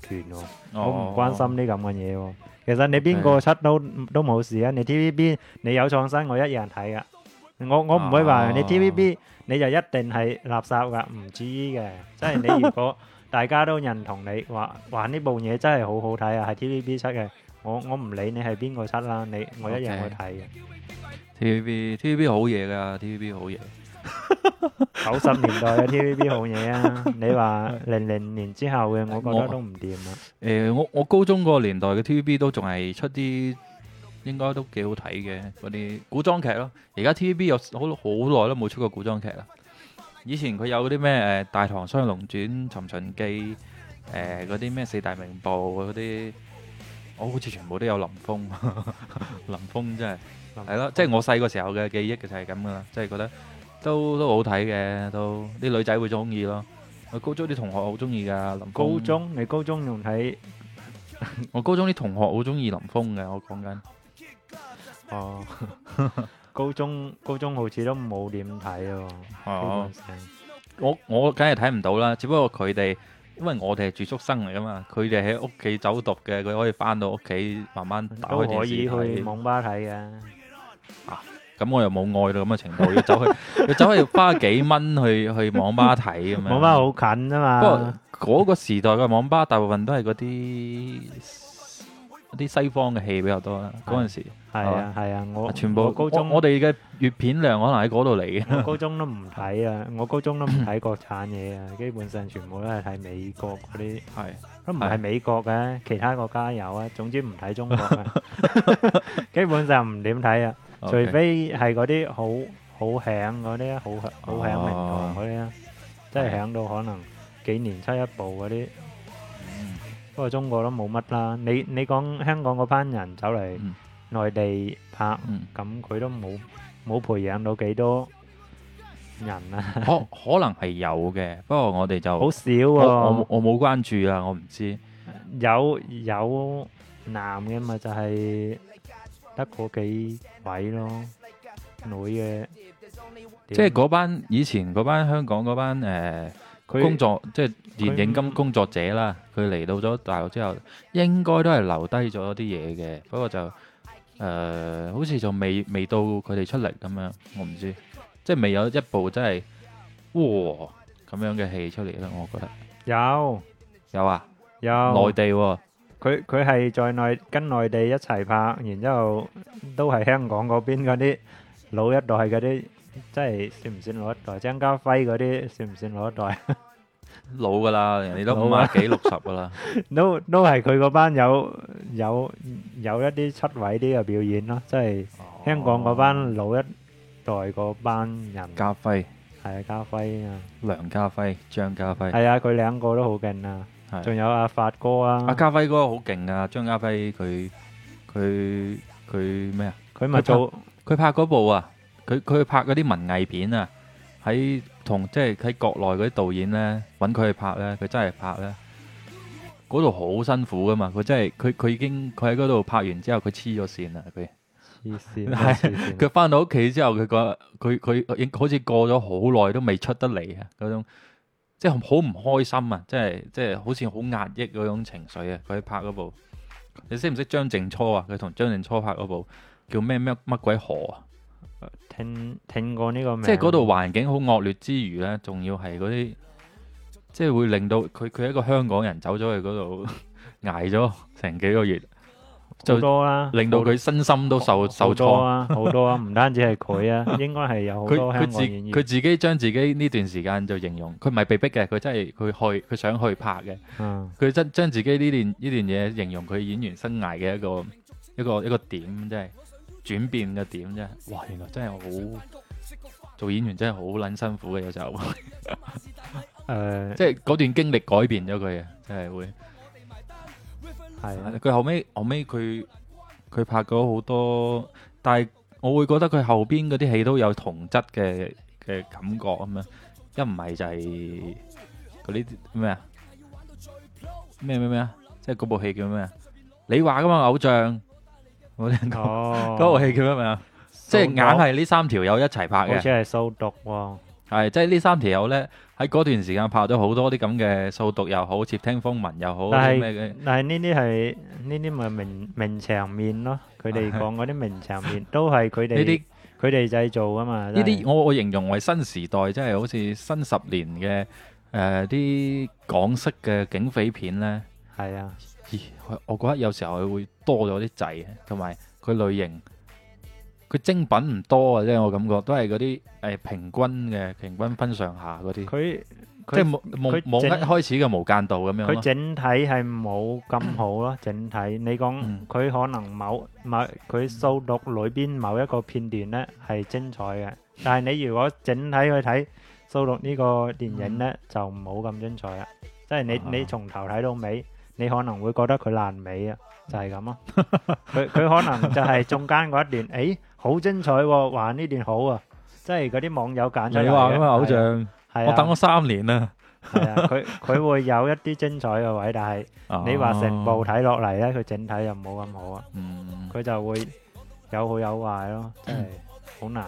集團我，我唔關心啲咁嘅嘢喎。其實你邊個出都都冇事啊。你 T V B 你有創新，我一樣睇㗎。我我唔會話你 T V B 你就一定係垃圾㗎，唔知嘅。即係你如果大家都認同你話話呢部嘢真係好好睇啊，係 T V B 出嘅。我我唔理你係邊個出啦，你我一樣會睇嘅。T V B T V B 好嘢㗎，T V B 好嘢。九十年代嘅 TVB 好嘢啊！你話零零年之後嘅，我覺得都唔掂啊。誒，我我高中嗰個年代嘅 TVB 都仲係出啲，應該都幾好睇嘅嗰啲古裝劇咯。而家 TVB 有好好耐都冇出過古裝劇啦。以前佢有嗰啲咩誒《大唐雙龍傳》《尋秦記》誒嗰啲咩四大名捕嗰啲，我好似全部都有林峰，林峰真係係咯，即係我細個時候嘅記憶就係咁噶啦，即係覺得。都都好睇嘅，都啲女仔會中意咯。我高中啲同學好中意噶林峰高中，你高中仲睇？ (laughs) 我高中啲同學好中意林峰嘅，我講緊。哦 (laughs) 高，高中高中好似都冇點睇喎。哦、啊啊，我我梗係睇唔到啦，只不過佢哋，因為我哋係住宿生嚟噶嘛，佢哋喺屋企走讀嘅，佢可以翻到屋企慢慢打開電視都可以去網吧睇嘅。咁我又冇愛到咁嘅程度，要走去要走去花幾蚊去去網吧睇咁樣。網吧好近啊嘛。不過嗰個時代嘅網吧大部分都係嗰啲嗰啲西方嘅戲比較多啦。嗰陣時係啊係啊，我全部高中我哋嘅閱片量可能喺嗰度嚟嘅。我高中都唔睇啊，我高中都唔睇國產嘢啊，基本上全部都係睇美國嗰啲。係都唔係美國嘅，其他國家有啊。總之唔睇中國嘅，基本上唔點睇啊。Okay. 除非係嗰啲好好響嗰啲好響好響名堂嗰啲啊，即係響到可能幾年出一部嗰啲，mm. 不過中國都冇乜啦。你你講香港嗰班人走嚟內地拍，咁佢、mm. 都冇冇培養到幾多人啊？ (laughs) 可，可能係有嘅，不過我哋就好少、啊我。我我冇關注啊，我唔知有。有有男嘅咪就係、是。得嗰幾位咯，女嘅，即係嗰班以前嗰班香港嗰班誒，工作即係電影金工作者啦，佢嚟到咗大陸之後，應該都係留低咗啲嘢嘅。不過就誒，好似就未未到佢哋出嚟咁樣，我唔知，即係未有一部真係哇咁樣嘅戲出嚟啦。我覺得有有啊，有內地喎。佢佢係在內跟內地一齊拍，然之後都係香港嗰邊嗰啲老一代嗰啲，即係算唔算老一代？張家輝嗰啲算唔算老一代？老噶啦，人哋都五啊幾六十噶啦。都都係佢嗰班有有有一啲出位啲嘅表演咯，即係香港嗰班老一代嗰班人。家輝係啊，家輝啊，梁家輝、張家輝係啊，佢兩個都好勁啊。仲有阿、啊、發哥啊，阿家輝哥好勁啊！張家輝佢佢佢咩啊？佢咪做佢拍嗰部啊？佢佢拍嗰啲文藝片啊，喺同即係喺國內嗰啲導演咧，揾佢去拍咧，佢真係拍咧。嗰度好辛苦噶嘛，佢真係佢佢已經佢喺嗰度拍完之後，佢黐咗綫啊，佢黐綫係佢翻到屋企之後，佢覺佢佢好似過咗好耐都未出得嚟啊，嗰種。即係好唔開心啊！即係即係好似好壓抑嗰種情緒啊！佢拍嗰部，你識唔識張靜初啊？佢同張靜初拍嗰部叫咩咩乜鬼河啊？聽聽過呢個名。即係嗰度環境好惡劣之餘呢，仲要係嗰啲，即係會令到佢佢一個香港人走咗去嗰度挨咗成幾個月。就多啦，令到佢身心都受多受挫瘡啊！好多啊，唔、啊、單止係佢啊， (laughs) 應該係有好多香港演員。佢佢自佢自己將自己呢段時間就形容，佢唔係被逼嘅，佢真係佢去佢想去拍嘅。佢、嗯、真將自己呢段呢段嘢形容佢演員生涯嘅一個一個一個點，即係轉變嘅點啫。哇！原來真係好做演員真係好撚辛苦嘅，有時候。誒、 (laughs) 呃。即係嗰段經歷改變咗佢啊！真係會。係，佢、啊、後尾後尾佢佢拍咗好多，但係我會覺得佢後邊嗰啲戲都有同質嘅嘅感覺咁樣，一唔係就係嗰啲咩啊，咩咩咩啊，即係嗰部戲叫咩啊？你話噶嘛偶像，冇聽講，嗰 (laughs) 部戲叫咩啊？So 即係硬係呢三條友一齊拍嘅，so 哦，好似係掃毒。係，即係、就是、呢三條友咧，喺嗰段時間拍咗好多啲咁嘅掃毒又好，竊聽風聞又好，但係呢啲係呢啲咪名名場面咯，佢哋講嗰啲名場面 (laughs) 都係佢哋。呢啲佢哋製造噶嘛。呢啲我我形容為新時代，即係好似新十年嘅誒，啲、呃、港式嘅警匪片咧。係啊，我我覺得有時候佢會多咗啲仔，同埋佢類型。佢精品唔多啊，即係我感覺都係嗰啲誒平均嘅，平均分上下嗰啲。佢即係冇冇冇一開始嘅無間道咁樣。佢整體係冇咁好咯，整體。你講佢可能某某佢掃毒裏邊某一個片段咧係精彩嘅，但係你如果整體去睇掃毒呢個電影咧就冇咁精彩啦。即係你你從頭睇到尾，你可能會覺得佢爛尾啊，就係咁咯。佢佢可能就係中間嗰一段，誒～好精彩喎，話呢段好啊，即係嗰啲網友揀出嚟。你話嘅嘛，偶像我等咗三年啦。係啊，佢佢會有一啲精彩嘅位，但係你話成部睇落嚟咧，佢整體又冇咁好啊。嗯，佢就會有好有壞咯，係好難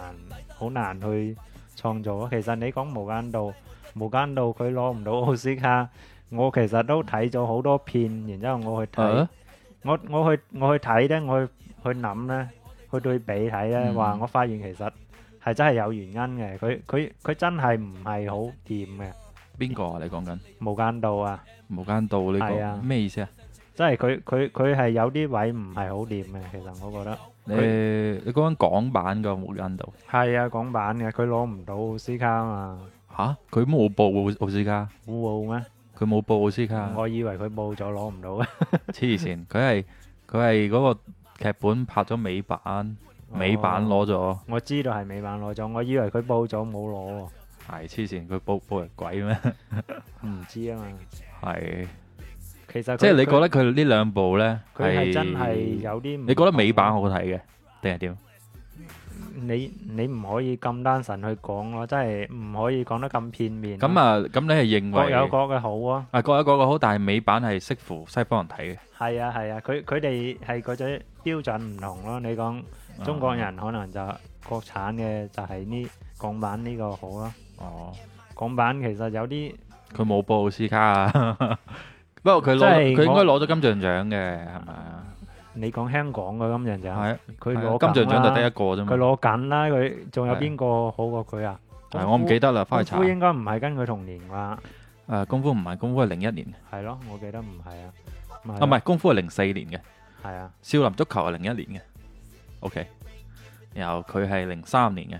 好難去創造啊。其實你講無間道，無間道佢攞唔到奧斯卡，我其實都睇咗好多片，然之後我去睇，我我去我去睇咧，我去去諗咧。去對比睇咧，話我發現其實係真係有原因嘅。佢佢佢真係唔係好掂嘅。邊個啊？你講緊無間道啊？無間道你講咩意思啊？即係佢佢佢係有啲位唔係好掂嘅。其實我覺得你你講緊港版嘅無間道。係啊，港版嘅佢攞唔到奧斯卡啊嘛。嚇！佢冇報奧斯卡。冇咩？佢冇報奧斯卡。我以為佢報咗攞唔到嘅。黐線！佢係佢係嗰個。劇本拍咗美版，美版攞咗。我知道係美版攞咗，我以為佢報咗冇攞。係黐線！佢報報係鬼咩？唔知啊嘛。係，其實即係你覺得佢呢兩部咧，佢係真係有啲唔同。你覺得美版好睇嘅定係點？你你唔可以咁單純去講咯，真係唔可以講得咁片面。咁啊，咁你係認為各有各嘅好啊？啊，各有各嘅好，但係美版係適乎西方人睇嘅。係啊係啊，佢佢哋係嗰種。標準唔同咯，你講中國人可能就國產嘅就係呢港版呢個好咯。哦，港版其實有啲佢冇報奧斯卡啊，不過佢攞，佢應該攞咗金像獎嘅係咪啊？你講香港嘅金像獎係啊，佢攞金像獎就得一個啫嘛。佢攞緊啦，佢仲有邊個好過佢啊？我唔記得啦，翻去查。功夫應該唔係跟佢同年啦。誒，功夫唔係功夫係零一年嘅。係咯，我記得唔係啊。唔係功夫係零四年嘅。係啊， (noise) 《少林足球》係零一年嘅，OK，然後佢係零三年嘅，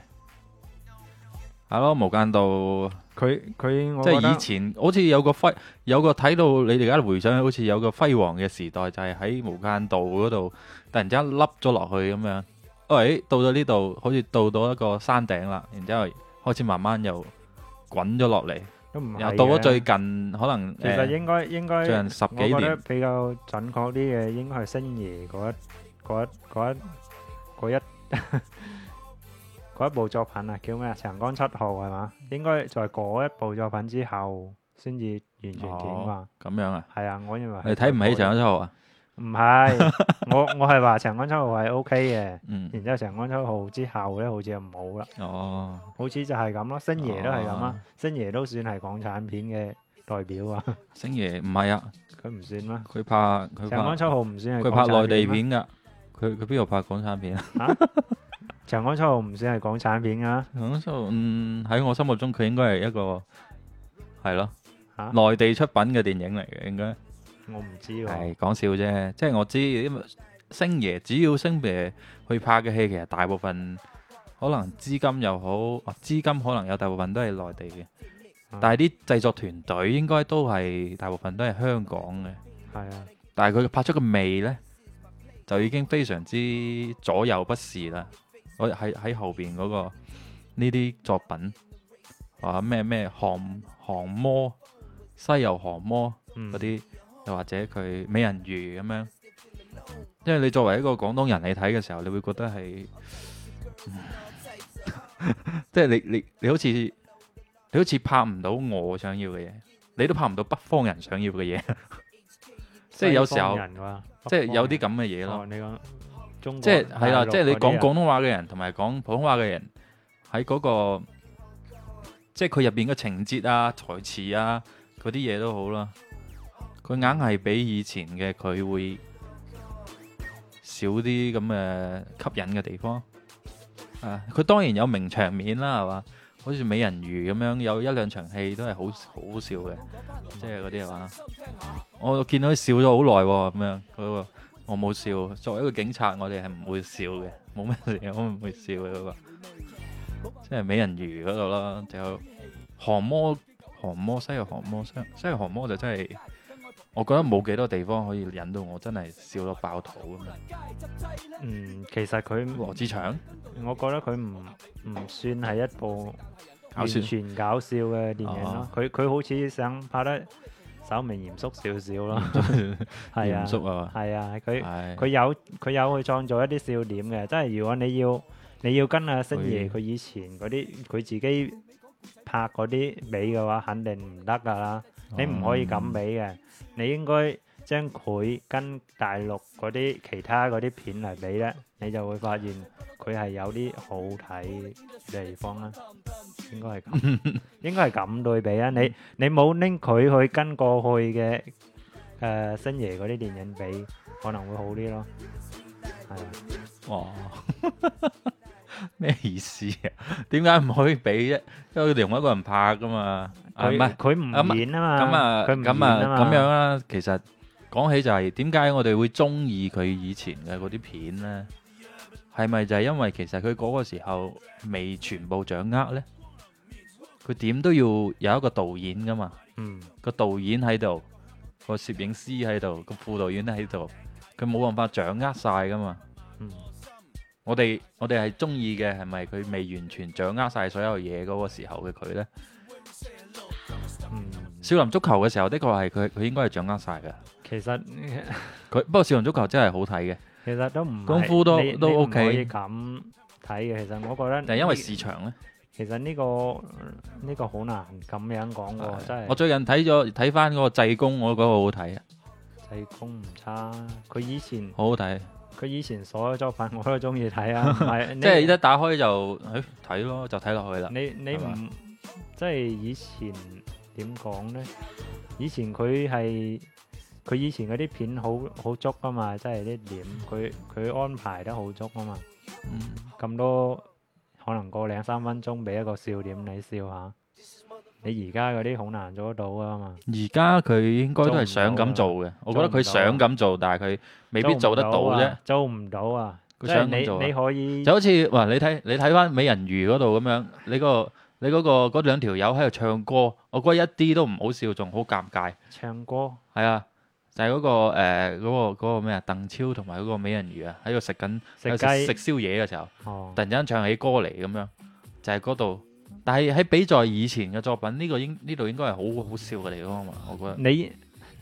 係、啊、咯，《無間道》佢佢即係以前，好似有個輝，有個睇到你哋而家回想，好似有個輝煌嘅時代，就係喺《無間道》嗰度，突然之間凹咗落去咁樣，喂、哦哎，到咗呢度，好似到到一個山頂啦，然之後開始慢慢又滾咗落嚟。又到咗最近，可能其實應該、欸、應該最近十幾年比較準確啲嘅，應該係星爺嗰一嗰一嗰一一一部作品啊，叫咩啊？《長江七號》係嘛？應該在嗰一部作品之後，先至完全掂嘛？哦、咁樣啊？係啊，我認為你睇唔起《長江七號》啊？唔係，我我係話《長江七號》係 O K 嘅，然之後《長江七號》之後咧，好似又唔好啦。哦，好似就係咁咯。星爺都係咁啦，星爺都算係港產片嘅代表啊。星爺唔係啊，佢唔算啦。佢拍佢《長江七號》唔算係港產片。佢拍內地片噶，佢佢邊度拍港產片啊？《長江七號》唔算係港產片啊，《長江七號》嗯喺我心目中佢應該係一個係咯，啊，內地出品嘅電影嚟嘅應該。我唔知喎、啊，係講、哎、笑啫。即係我知因為星爺主要，星爺去拍嘅戲，其實大部分可能資金又好，啊，資金可能有大部分都係內地嘅，但係啲製作團隊應該都係大部分都係香港嘅。係啊，但係佢拍出嘅味呢，就已經非常之左右不時啦。我喺喺後邊嗰、那個呢啲作品啊，咩咩《降降魔》《西遊降魔》嗰啲、嗯。又或者佢美人魚咁樣，因為你作為一個廣東人你睇嘅時候，你會覺得係，即 (laughs) 係你你你好似你好似拍唔到我想要嘅嘢，你都拍唔到北方人想要嘅嘢， (laughs) 即係有時候，啊、即係有啲咁嘅嘢咯。你講，即係係啦，即係你講廣東話嘅人同埋講普通話嘅人喺嗰個，即係佢入邊嘅情節啊、台詞啊嗰啲嘢都好啦。佢硬係比以前嘅佢會少啲咁嘅吸引嘅地方，啊！佢當然有名場面啦，係嘛？好似美人魚咁樣，有一兩場戲都係好好笑嘅，即係嗰啲係嘛？我見到佢笑咗好耐，咁樣嗰個我冇笑。作為一個警察，我哋係唔會笑嘅，冇咩嘢我唔會笑嘅嗰個。即係美人魚嗰度啦，仲有降魔、降魔、西遊降魔、西西遊降魔就真係。我覺得冇幾多地方可以引到我，真係笑到爆肚咁啊！嗯，其實佢羅志祥，我覺得佢唔唔算係一部完全搞笑嘅電影咯。佢佢好似想拍得稍微嚴肅少少咯，係啊，嚴肅啊，係啊，佢佢有佢有去創造一啲笑點嘅。即係如果你要你要跟阿星爺佢以前嗰啲佢自己拍嗰啲畀嘅話，肯定唔得噶啦。你唔可以咁畀嘅。你應該將佢跟大陸嗰啲其他嗰啲片嚟比咧，你就會發現佢係有啲好睇嘅地方啦。應該係咁， (laughs) 應該係咁對比啊！你你冇拎佢去跟過去嘅星、呃、新爺嗰啲電影比，可能會好啲咯。係啊。哇 (laughs) 咩意思啊？點解唔可以俾一另外一個人拍噶他、啊、嘛？唔係，佢佢唔演啊嘛？咁啊咁啊咁樣啦、啊。其實講起就係點解我哋會中意佢以前嘅嗰啲片呢？係咪就係因為其實佢嗰個時候未全部掌握呢？佢點都要有一個導演噶嘛？嗯，個導演喺度，個攝影師喺度，個副導演都喺度，佢冇辦法掌握晒噶嘛？嗯。我哋我哋係中意嘅，係咪佢未完全掌握晒所有嘢嗰個時候嘅佢呢？嗯、少林足球嘅時候的確係佢，佢應該係掌握晒噶。其實佢 (laughs) 不過少林足球真係好睇嘅。其實都唔功夫都你都 OK 咁睇嘅。其實我覺得。但係因為市場呢，其實呢、這個呢、這個好難咁樣講真係。我最近睇咗睇翻嗰個濟公，我覺得好好睇啊！濟公唔差，佢以前好好睇。佢以前所有作品我都中意睇啊， (laughs) 即係一打開就誒睇、哎、咯，就睇落去啦。你你唔吧即係以前點講呢？以前佢係佢以前嗰啲片好好足噶嘛，即係啲點佢佢安排得好足啊嘛。嗯，咁多可能過兩三分鐘俾一個笑點你笑下。你而家嗰啲好難做得到啊嘛！而家佢應該都係想咁做嘅，做我覺得佢想咁做，做但係佢未必做得到啫。做唔到啊！即係你你可以就好似話，你睇你睇翻美人魚嗰度咁樣，你個你嗰、嗰個嗰兩條友喺度唱歌，我覺得一啲都唔好笑，仲好尷尬。唱歌係啊，就係、係、嗰、嗰個誒嗰個咩啊？鄧超同埋嗰個美人魚啊，喺度食緊食宵夜嘅時候，哦、突然之間唱起歌嚟咁樣，就係嗰度。但係喺比在以前嘅作品呢、這個應呢度、這個、應該係好好笑嘅地方嘛，我覺得你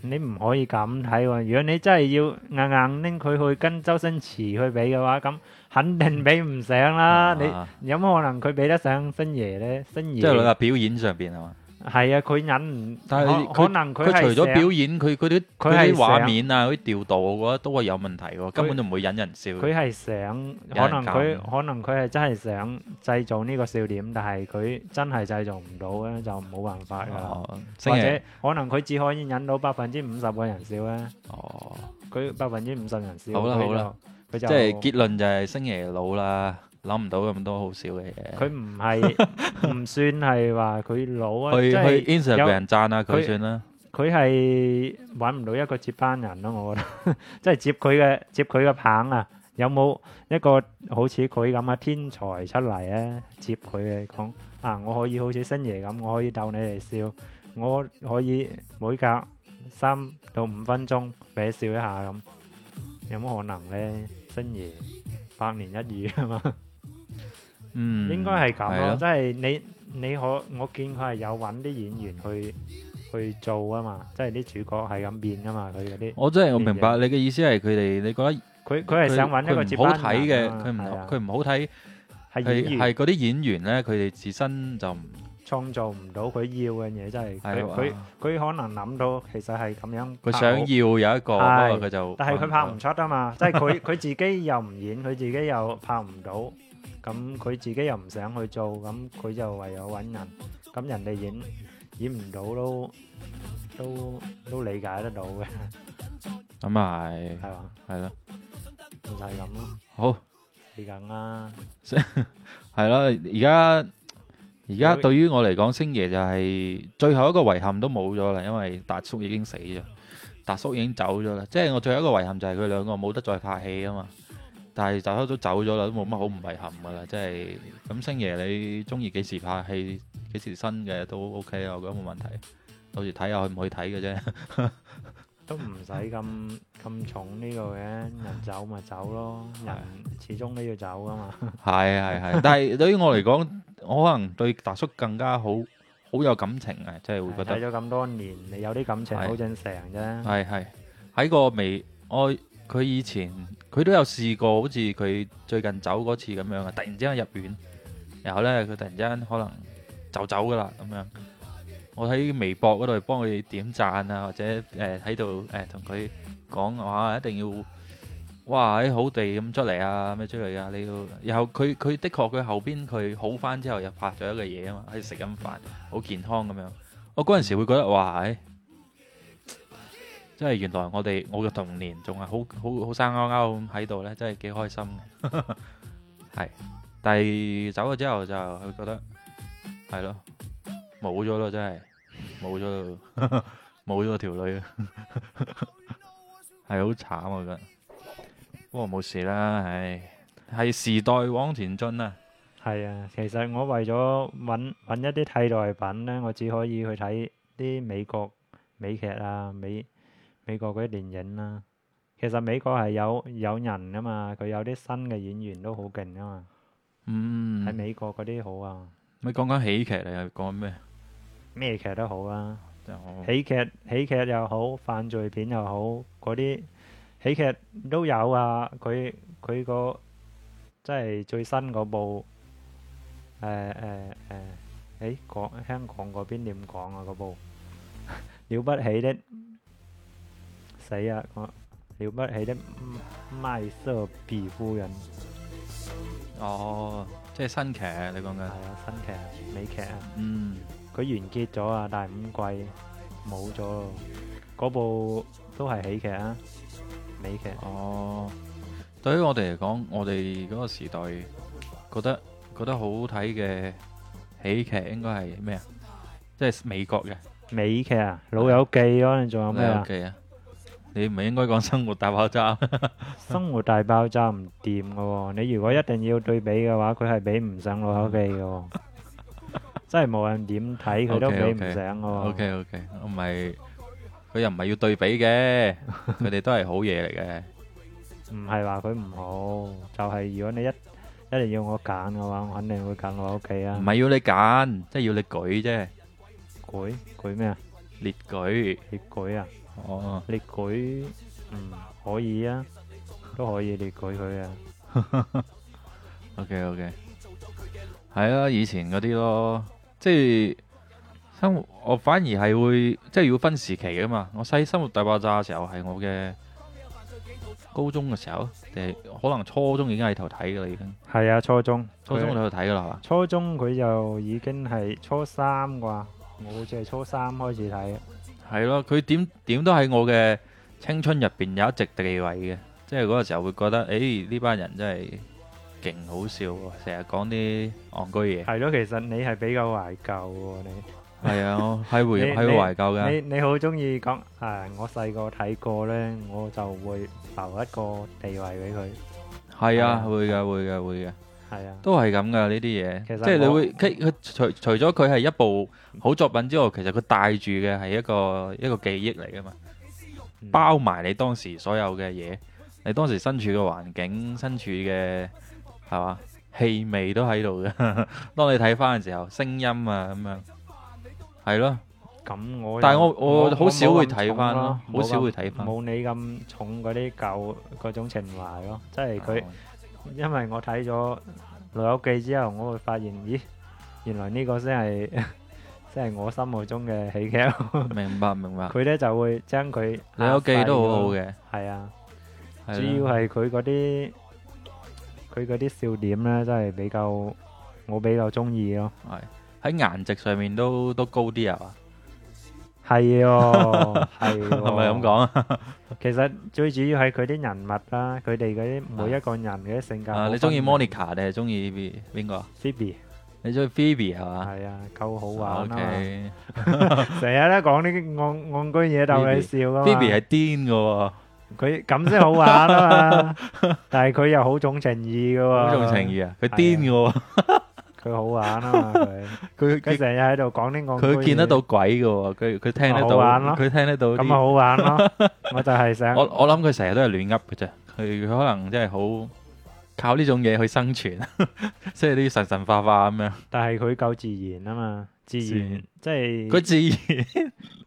你唔可以咁睇喎，如果你真係要硬硬拎佢去跟周星馳去比嘅話，咁肯定比唔上啦。啊、你有乜可能佢比得上星爺咧？星爺即係你話表演上邊係嘛？係啊，佢忍唔，但係佢可能佢除咗表演，佢啲佢啲畫面啊，嗰啲調度，我覺得都係有問題嘅，根本就唔會引人笑。佢係想，可能佢可能佢係真係想製造呢個笑點，但係佢真係製造唔到咧，就冇辦法啦。或者可能佢只可以引到百分之五十個人笑咧。哦，佢百分之五十人笑。好啦好啦，即係結論就係星爺老啦。諗唔到咁多好笑嘅嘢。佢唔係唔算係話佢老啊，人讚 (laughs) 有。佢算啦，佢係揾唔到一個接班人咯，我覺得。 (laughs) 即係接佢嘅，接佢嘅棒啊！有冇一個好似佢咁嘅天才出嚟啊？接佢嚟講啊，我可以好似星爺咁，我可以逗你哋笑。我可以每隔三到五分鐘畀你笑一下咁，有冇可能咧？星爺百年一遇啊嘛～ (laughs) 嗯，應該係咁咯，即係你你可我見佢係有揾啲演員去去做啊嘛，即係啲主角係咁變啊嘛，佢嗰啲。我真係我明白你嘅意思係佢哋，你覺得佢佢係想揾一個好睇嘅，佢唔佢唔好睇。係係嗰啲演員咧，佢哋自身就創造唔到佢要嘅嘢，真係佢佢可能諗到其實係咁樣。佢想要有一個，佢就但係佢拍唔出啊嘛，即係佢佢自己又唔演，佢自己又拍唔到。咁佢自己又唔想去做，咁佢就唯有揾人。咁人哋演演唔到都都都理解得到嘅。咁啊係，係嘛吧，係啦的，就係咁咯。好，你梗啦。係咯，而家而家對於我嚟講，星爺就係最後一個遺憾都冇咗啦，因為達叔已經死咗，達叔已經走咗啦。即係我最後一個遺憾就係佢兩個冇得再拍戲啊嘛。但係達叔都走咗啦，都冇乜好唔遺憾噶啦，即係咁，星爺你中意幾時拍戲，幾時新嘅都 OK 啊，我覺得冇問題。到時睇下可唔可以睇嘅啫， (laughs) 都唔使咁咁重呢、這個嘅，人走咪走咯， (laughs) 人始終都要走噶嘛。係係係，但係對於我嚟講，我可能對達叔更加好，好有感情啊，即係會覺得。睇咗咁多年，你有啲感情好正常啫。係係，喺個微我佢以前。佢都有試過，好似佢最近走嗰次咁樣啊！突然之間入院，然後呢，佢突然之間可能就走噶啦咁樣。我喺微博嗰度幫佢點贊啊，或者誒喺度誒同佢講話，一定要哇喺、哎、好地咁出嚟啊，咩出嚟啊！呢度。然後佢佢的確佢後邊佢好返之後，又拍咗一個嘢啊嘛，喺度食緊飯，好健康咁樣。我嗰陣時會覺得哇誒！哎即係原來我哋我嘅童年仲係好好好生勾勾咁喺度咧，真係幾開心嘅係。 (laughs) 但係走咗之後就佢覺得係咯冇咗咯，真係冇咗咯，冇咗 (laughs) 條女係好 (laughs) 慘啊！我覺得不過冇事啦，唉，係時代往前進啊。係啊，其實我為咗搵一啲替代品咧，我只可以去睇啲美國美劇啊，美。美國嗰啲電影啦，其實美國係有有人噶嘛，佢有啲新嘅演員都好勁噶嘛。喺、嗯、美國嗰啲好啊。你講緊喜劇嚟，講咩？咩劇都好啊，就喜劇喜劇又好，犯罪片又好，嗰啲喜劇都有啊。佢佢、嗰個即係最新嗰部誒誒誒，誒、呃、港、呃呃、香港嗰邊點講啊？嗰部《了不起的》死啊！我了不起的麥色皮膚人哦，即係新劇你講緊？係啊，新劇美劇啊，嗯，佢完結咗啊，但係五季冇咗，嗰部都係喜劇啊，美劇哦。對於我哋嚟講，我哋嗰個時代覺得覺得好睇嘅喜劇應該係咩啊？即係美國嘅美劇啊，《老友記》可能仲有咩啊？你唔係應該講生活大爆炸，生活大爆炸唔掂噶喎。你如果一定要對比嘅話，佢係比唔上我屋企噶，真係無論點睇佢都比唔上噶。O K O K，我唔係佢又唔係要對比嘅，佢哋都係好嘢嚟嘅。唔係話佢唔好，就係如果你一一定要我揀嘅話，我肯定會揀我屋企啊。唔係要你揀，即係要你舉啫，舉舉咩啊？列舉列舉啊！哦，列舉，嗯，可以啊，都可以列舉佢啊。O K O K，係啊，以前嗰啲咯，即係生活，我反而係會，即係要分時期噶嘛。我細生活大爆炸嘅時候係我嘅高中嘅時候，定係可能初中已經喺頭睇噶啦已經。係啊，初中，初中喺度睇噶啦，係嘛？初中佢就已經係初三啩，我好似係初三開始睇。係咯，佢點點都喺我嘅青春入邊有一席地位嘅，即係嗰個時候會覺得，誒、欸、呢班人真係勁好笑，成日講啲戇居嘢。係咯，其實你係比較懷舊嘅，你係 (laughs) 啊，係回憶，係懷舊嘅。你你好中意講誒，我細個睇過咧，我就會留一個地位俾佢。係 (laughs) 啊，會嘅，會嘅，會嘅。會係啊，都係咁噶呢啲嘢，其實即係你會佢我除除咗佢係一部好作品之外，其實佢帶住嘅係一個一個記憶嚟噶嘛，包埋你當時所有嘅嘢，你當時身處嘅環境、身處嘅係嘛氣味都喺度嘅。 (laughs) 當你睇翻嘅時候，聲音啊咁樣，係咯。咁我但係我我好少會睇翻咯，好少會睇翻，冇你咁重嗰啲舊嗰種情懷咯，即係佢。因為我睇咗《老友記》之後，我會發現，咦，原來呢個先係，先係我心目中嘅喜劇。 (laughs) 明白，明白。佢咧就會將佢有。《老友記》都好好嘅。係啊，啊主要係佢啲，佢啲笑點咧，真係比較，我比較中意咯。係喺顏值上面都都高啲啊？係哦，係， (laughs) 係咪咁講啊？其實最主要係佢啲人物啦，佢哋嗰啲每一個人嘅性格。啊，你中意 Monica 定係中意邊邊個？Phoebe，你中意 Phoebe 係嘛？係 (laughs) 啊，夠好玩啊成日 (laughs) 都講啲戇戇居嘢逗你笑，笑 Pho Pho 啊！Phoebe 係癲嘅，佢咁先好玩啦、啊、嘛！ (laughs) 但係佢又好重情義嘅喎、啊，重情義啊！佢癲嘅。佢好玩啊嘛！佢佢佢成日喺度講呢個。佢見得到鬼嘅喎，佢佢聽得到，佢、哦啊、聽得到。咁咪好玩咯、啊！ (laughs) 我就係想，我我諗佢成日都係亂噏嘅啫，佢佢可能真係好靠呢種嘢去生存， (laughs) 即係啲神神化化咁樣。但係佢夠自然啊嘛，自然即係。佢自然，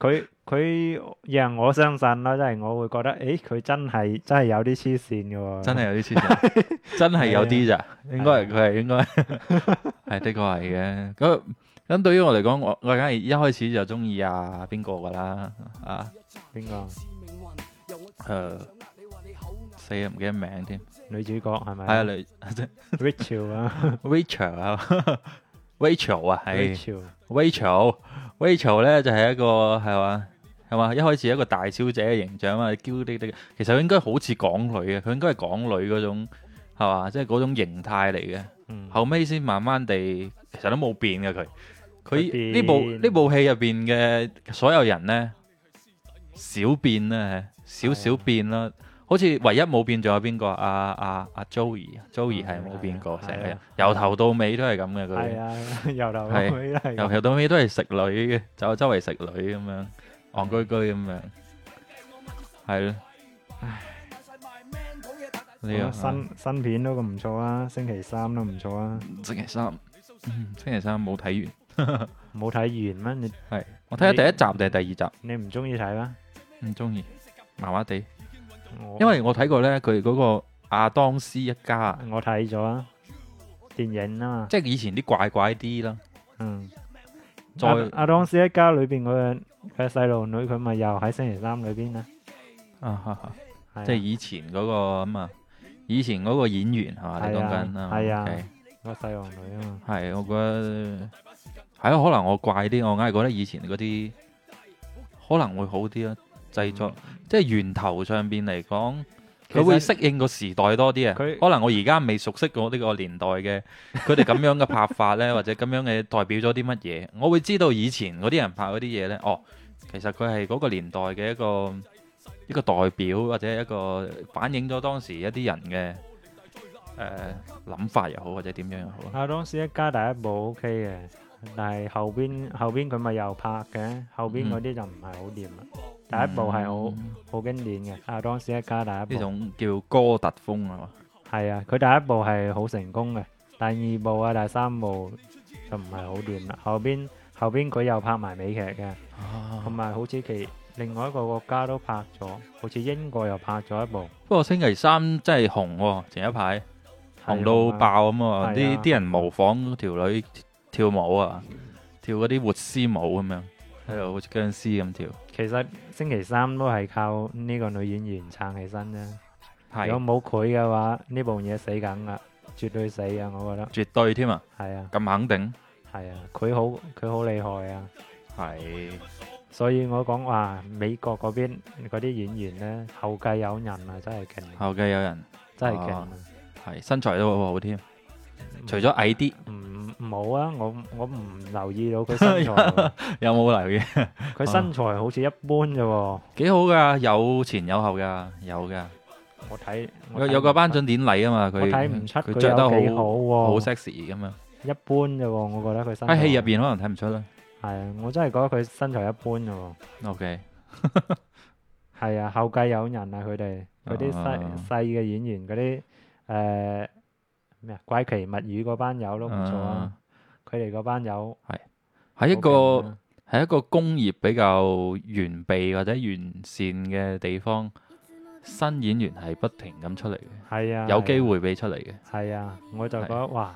佢是。自 (laughs) 佢讓我相信啦，即係我會覺得，誒，佢真係真係有啲黐線嘅。真係有啲黐線，真係有啲咋？應該係佢係應該係的確係嘅。咁咁對於我嚟講，我我梗係一開始就中意啊邊個噶啦啊邊個？誒，死啦唔記得名添。女主角係咪？係啊，女 Rachel 啊，Rachel 啊，Rachel 啊，係 Rachel，Rachel 咧就係一個係嘛？係嘛，一開始一個大小姐嘅形象啊，嬌滴滴嘅，其實應該好似港女嘅，佢應該係港女嗰種，係嘛，即係嗰種形態嚟嘅。嗯、後尾先慢慢地，其實都冇變嘅佢。佢呢變部呢部戲入邊嘅所有人咧，少變咧，少少是變啦。好似唯一冇變仲有邊個？阿阿阿 Joey，Joey 係冇變過，成個人由頭到尾都係咁嘅佢。係啊，由頭到尾，由頭到尾都係食女嘅，走的周圍食女咁樣。戇居居咁樣，係咯。唉，新新片都咁唔錯啊，星期三都唔錯啊。星期三，星期三冇睇完，冇睇完咩？你係我睇咗第一集定係第二集？你唔中意睇咩？唔中意，麻麻地。因為我睇過咧，佢嗰個亞當斯一家，我睇咗啊，電影啊嘛，即係以前啲怪怪啲咯。嗯，再亞當斯一家裏邊嗰。佢細路女佢咪又喺星期三裏邊啊？哈哈啊，即係以前嗰、嗰個咁啊，以前嗰個演員係嘛？你講緊啊？係啊，個細路女啊嘛。係，我覺得係咯、哎，可能我怪啲，我硬係覺得以前嗰啲可能會好啲咯。製作、嗯、即係源頭上邊嚟講，佢會適應個時代多啲啊。可能我而家未熟悉過呢個年代嘅佢哋咁樣嘅拍法咧， (laughs) 或者咁樣嘅代表咗啲乜嘢，我會知道以前嗰啲人拍嗰啲嘢咧，哦。哦哦其實佢係嗰個年代嘅一個一個代表，或者一個反映咗當時一啲人嘅誒諗法又好，或者點樣又好。啊，當時一家第一部 OK 嘅，但係後邊後邊佢咪又拍嘅，後邊嗰啲就唔係好掂啦。第一部係好好經典嘅，啊，當時一家第一部呢種叫哥特風係嘛？係啊，佢第一部係好成功嘅，第二部啊第三部就唔係好掂啦，後邊。後邊佢又拍埋美劇嘅，同埋、啊、好似其另外一個國家都拍咗，好似英國又拍咗一部。不過星期三真係紅喎、哦，前一排紅到爆咁啊！啲啲、啊啊、人模仿嗰條女跳舞啊，跳嗰啲活屍舞咁樣，係啊，好似僵屍咁跳。其實星期三都係靠呢個女演員撐起身啫，啊、如果冇佢嘅話，呢部嘢死梗喇，絕對死啊！我覺得絕對添啊，係啊，咁肯定。係啊，佢好佢好厲害啊！係是，所以我講話、啊、美國嗰邊嗰啲演員咧，後繼有人啊，真係勁！後繼有人，哦、真係勁！係、啊、身材都好好添，除咗矮啲，唔好、嗯嗯、啊！我我唔留意到佢身材 (laughs) 有冇留意？佢 (laughs) 身材好似一般咋喎、啊？幾、嗯、好噶，有前有後噶，有噶。我睇有有個頒獎典禮啊嘛，佢佢着得好好 sexy 噶嘛。一般嘅，我覺得佢身喺戲入邊可能睇唔出啦。係啊，我真係覺得佢身材一般嘅。OK，係啊，後繼有人啊，佢哋嗰啲細細嘅演員，嗰啲誒咩啊，怪奇物語嗰班友都唔錯啊。佢哋嗰班友係喺一個喺一個工業比較完備或者完善嘅地方，新演員係不停咁出嚟嘅，係啊，有機會俾出嚟嘅。係啊，我就覺得哇！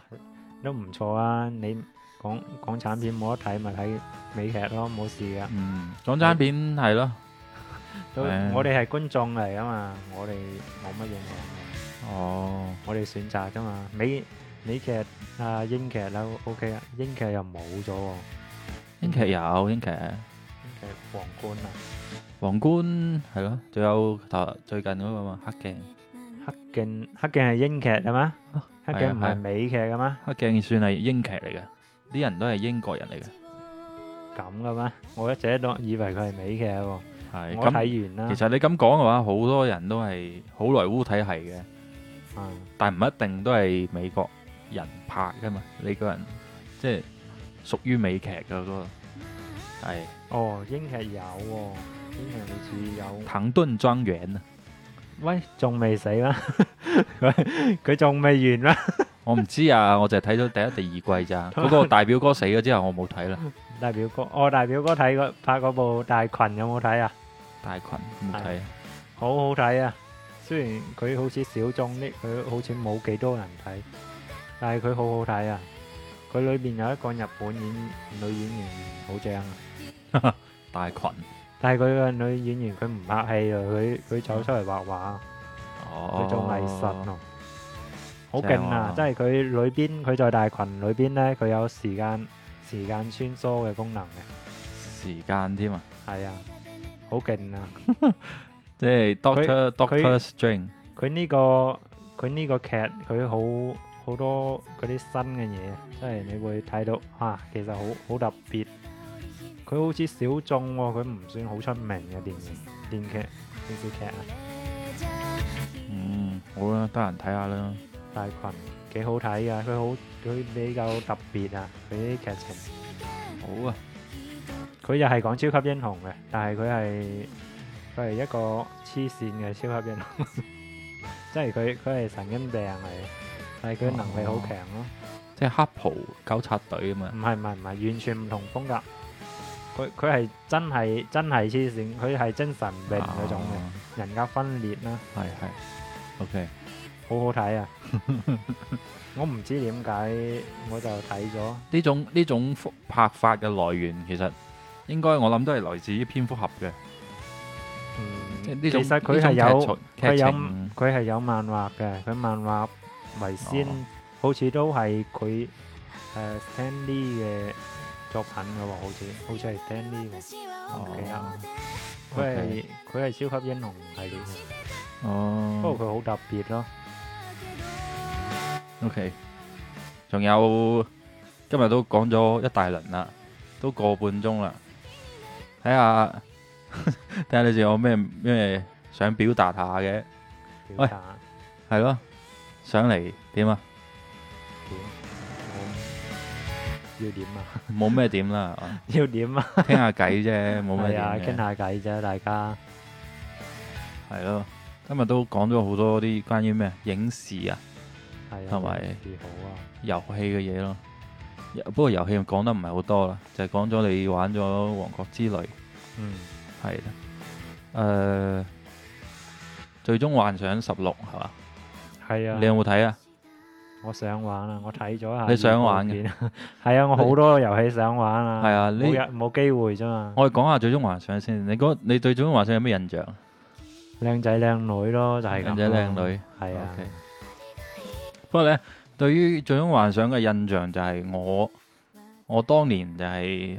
都唔錯啊！你港港產片冇得睇咪睇美劇咯，冇事噶。嗯，港產片係咯，都，我哋係觀眾嚟啊嘛，我哋冇乜嘢嘅。哦，我哋選擇啫嘛。美美劇啊，英劇啦，OK 啊，英劇又冇咗喎。英劇有英劇，英劇皇冠啊，皇冠係咯，仲有頭最近嗰個嘛黑鏡，黑鏡黑鏡係英劇係嘛？黑鏡唔係美劇噶咩？黑鏡算係英劇嚟嘅，啲人都係英國人嚟嘅。咁噶咩？我一直都以為佢係美劇喎。係咁，其實你咁講嘅話，好多人都係好萊塢體系嘅，但唔一定都係美國人拍噶嘛。呢個人即係屬於美劇嘅嗰個。係。哦，英劇有，英劇好似有。唐頓莊園。喂，仲未死啦？佢仲未完啦？ (laughs) 我唔知啊，我淨係睇咗第一、第二季咋。嗰 (laughs) 個大表哥死咗之後，我冇睇啦。大表哥，我大表哥睇過拍嗰部《大群》，有冇睇啊？大群冇睇，啊！好好睇啊！雖然佢好似小眾啲，佢好似冇幾多人睇，但係佢好好睇啊！佢裏邊有一個日本演女演員好正啊， (laughs) 大《大群》。但係佢嘅女演員客，佢唔拍戲啊，佢佢走出嚟畫畫，佢做藝術哦，好勁啊！即係佢裏邊，佢在大群裏邊咧，佢有時間時間穿梭嘅功能嘅，時間添啊！係啊，好勁啊！即係 Doctor Doctor Strange，佢呢個佢呢個劇，佢好好多嗰啲新嘅嘢，即係你會睇到啊，其實好好特別。佢好似小眾喎，哦，佢唔算好出名嘅電影、電劇、電視劇啊。嗯，好啦，得閒睇下啦。大群幾好睇噶，佢好，佢比較特別啊。佢啲劇情好啊。佢又係講超級英雄嘅，但係佢係佢係一個黐線嘅超級英雄， (laughs) 即係佢佢係神經病嚟，但係佢能力好強咯。即係黑袍糾察隊啊嘛。唔係唔係唔係，完全唔同，同風格。佢佢係真係真係黐線，佢係精神病嗰種嘅人格分裂啦，係係，OK，好好睇啊！ (laughs) 我唔知點解，我就睇咗呢種呢種拍法嘅來源，其實應該我諗都係來自於蝙蝠俠嘅。嗯，即係呢種其實佢係有佢有佢係有漫畫嘅，佢漫畫為先，哦、好似都係佢誒 Stanley 嘅。呃作品嘅喎，好似好似係 Danny 喎，O K 啊，佢係佢係超級英雄系列，哦，不過佢好特別咯。O K，仲有今日都講咗一大輪啦，都個半鐘啦，睇下睇下你仲有咩咩想表達下嘅，表達喂，係咯，上嚟點啊？要點啊？冇咩點啦， (laughs) 要點樣啊？ (laughs) 傾下偈啫，冇咩點。係啊，傾下偈啫，大家。係咯，今日都講咗好多啲關於咩影視啊，係咪的？幾有好啊！遊戲嘅嘢咯，不過遊戲講得唔係好多啦，就係講咗你玩咗《王國之淚》。嗯，係啦。誒、呃，最終幻想十六係嘛？係的啊。你有冇睇啊！我想玩啦，我睇咗下。你想玩嘅？係啊，我好多遊戲想玩啊。係啊，每日冇機會啫嘛。我哋講下最終幻想先。你嗰，你對最終幻想有咩印象？靚仔靚女咯，就係咁。靚仔靚女，係啊。不過咧，對於最終幻想嘅印象就係我，我當年就係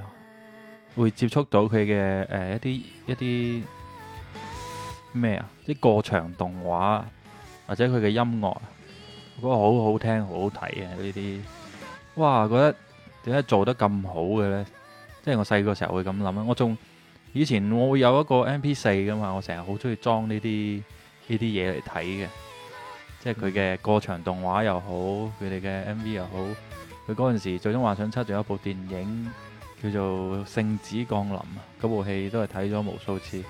會接觸到佢嘅誒一啲一啲咩啊，啲過場動畫或者佢嘅音樂。不過好好聽，好好睇啊！呢啲，哇，覺得點解做得咁好嘅呢？即係我細個時候會咁諗啦。我仲以前我會有一個 M P 四噶嘛，我成日好中意裝呢啲呢啲嘢嚟睇嘅。即係佢嘅過場動畫又好，佢哋嘅 M V 又好。佢嗰陣時最終幻想出咗一部電影叫做《聖子降臨》啊，嗰部戲都係睇咗無數次，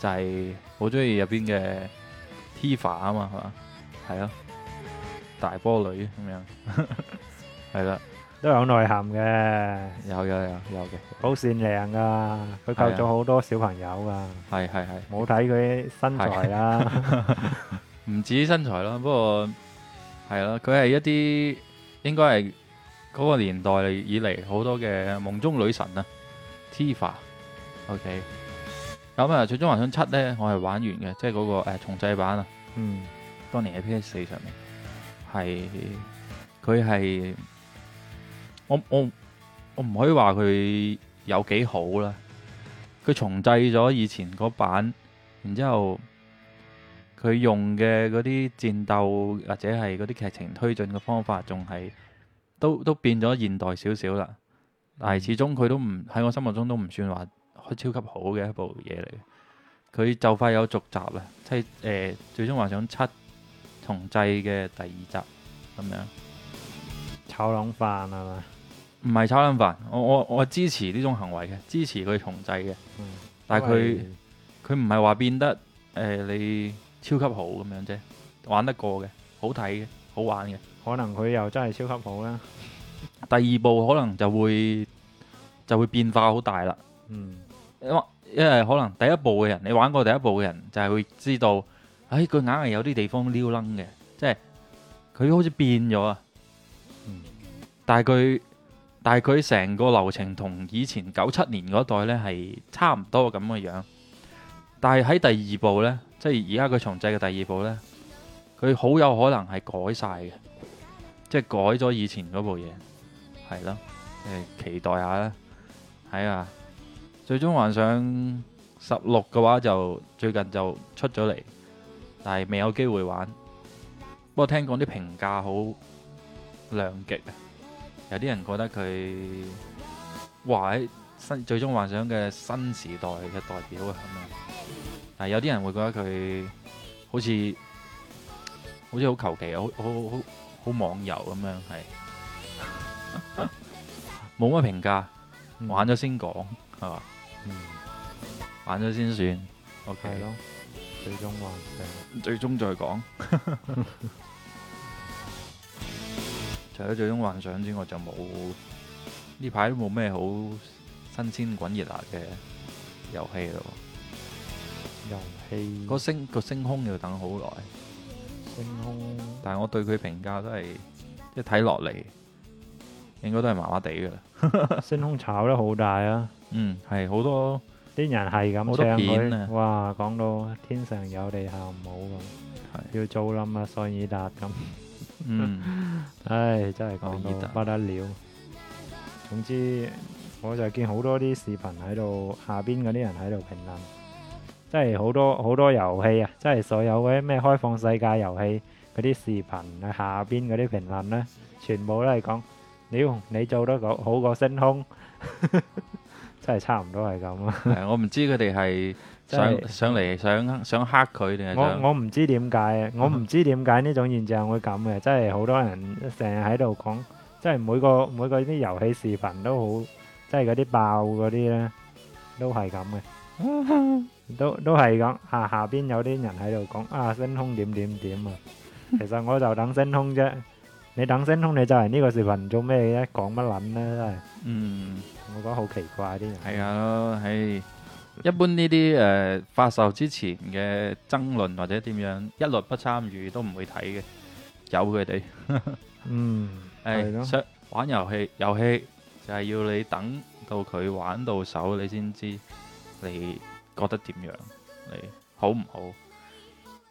就係好中意入邊嘅 Tifa 啊嘛，係嘛？係咯，啊。大波女咁樣，係啦，都有內涵嘅，有有有有嘅，好善良噶，佢救咗好多小朋友噶，係係係，冇睇佢身材啦，唔止身材咯，不過係咯，佢係一啲應該係嗰個年代以嚟，好多嘅夢中女神啊，Tifa，OK，咁啊，最終幻想七咧，我係玩完嘅，即係嗰個誒重製版啊，嗯，當年喺 PS4 上面。係佢，係我我我唔可以話佢有幾好啦。佢重製咗以前嗰版，然之後佢用嘅嗰啲戰鬥或者係嗰啲劇情推進嘅方法，仲係都都變咗現代少少啦。但係始終佢都唔喺我心目中都唔算話超級好嘅一部嘢嚟。佢就快有續集啦，即係誒，最終幻想七。重製嘅第二集咁樣炒冷飯係咪？唔係炒冷飯，我我我支持呢種行為嘅，支持佢重製嘅。嗯、但係佢佢唔係話變得誒、呃、你超級好咁樣啫，玩得過嘅，好睇嘅，好玩嘅。可能佢又真係超級好啦。第二部可能就會就會變化好大啦。嗯，因為可能第一部嘅人，你玩過第一部嘅人就係會知道。哎，佢硬係有啲地方撩楞嘅，即係佢好似變咗啊、嗯。但係佢但係佢成個流程同以前九七年嗰代呢係差唔多咁嘅樣。但係喺第二部呢，即係而家佢重製嘅第二部呢，佢好有可能係改晒嘅，即係改咗以前嗰部嘢係咯。期待下啦，係啊。最終幻想十六嘅話就最近就出咗嚟。但係未有機會玩，不過聽講啲評價好兩極啊，有啲人覺得佢哇喺新最終幻想嘅新時代嘅代表啊，但係有啲人會覺得佢好似好似好求其，好好好好，好，好網遊咁樣係，冇乜評價，玩咗先講係嘛，玩咗先算、嗯、，OK 咯。最終幻想，最終再講。除咗最終幻想之外，就冇呢排都冇咩好新鮮滾熱辣嘅遊戲咯。遊戲個星個星空要等好耐。星空，但係我對佢評價都係，一睇落嚟，應該都係麻麻地噶啦。 (laughs) 星空炒得好大啊！嗯，係好多。啲人係咁唱佢，哇！講到天上有地下冇咁，要做冧啊！塞爾達咁，嗯、 (laughs) 唉，真係講到不得了。總之，我就見好多啲視頻喺度，下邊嗰啲人喺度評論，真係好多好多遊戲啊！即係所有嗰啲咩開放世界遊戲嗰啲視頻啊，下邊嗰啲評論呢，全部都係講，屌、呃、你做得好，好過星空。 (laughs) 真係差唔多係咁啊！我唔知佢哋係上上嚟，想想黑佢定係我，我唔知點解啊！我唔知點解呢種現象會咁嘅，真係好多人成日喺度講，即係每個每個啲遊戲視頻都好，即係嗰啲爆嗰啲咧，都係咁嘅，都都係咁下下邊有啲人喺度講啊，星空點點點啊！其實我就等星空啫，你等星空你就嚟呢個視頻做咩咧？講乜撚咧真係嗯。我覺得好奇怪啲人，係啊，係一般呢啲誒發售之前嘅爭論或者點樣，一律不參與都唔會睇嘅，有佢哋，嗯，係咯，玩遊戲遊戲就係要你等到佢玩到手，你先知你覺得點樣，你好唔好？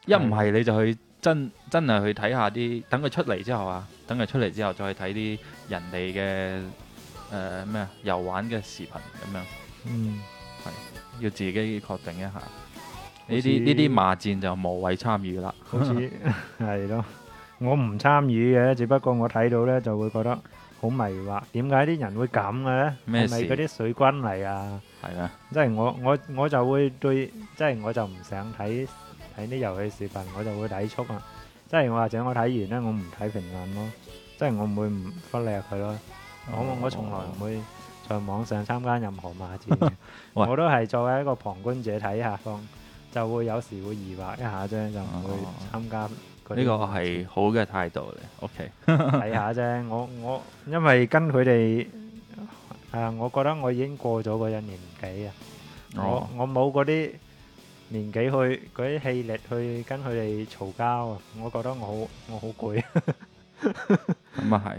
一唔係你就去真真係去睇下啲，等佢出嚟之後啊，等佢出嚟之後再去睇啲人哋嘅。誒咩啊？遊玩嘅視頻咁樣，嗯，係要自己確定一下呢啲呢啲罵戰就無謂參與啦。好似係咯，我唔參與嘅，只不過我睇到咧就會覺得好迷惑，點解啲人會咁嘅咧？咩事？係咪嗰啲水軍嚟啊？係啊，即係我我我就會對，即係我就唔想睇睇啲遊戲視頻，我就會抵觸啦。即係我或者我睇完咧，我唔睇評論咯，即係我唔會唔忽略佢咯。我我從來唔會在網上參加任何罵戰嘅， (laughs) 喂我都係作為一個旁觀者睇下方，就會有時會疑惑一下啫，就唔會參加。呢個係好嘅態度咧。OK，睇 (laughs) 下啫。我我因為跟佢哋，啊，我覺得我已經過咗嗰個年紀啊， (laughs) 我我冇嗰啲年紀去嗰啲氣力去跟佢哋嘈交啊，我覺得我好我好攰。咁啊係。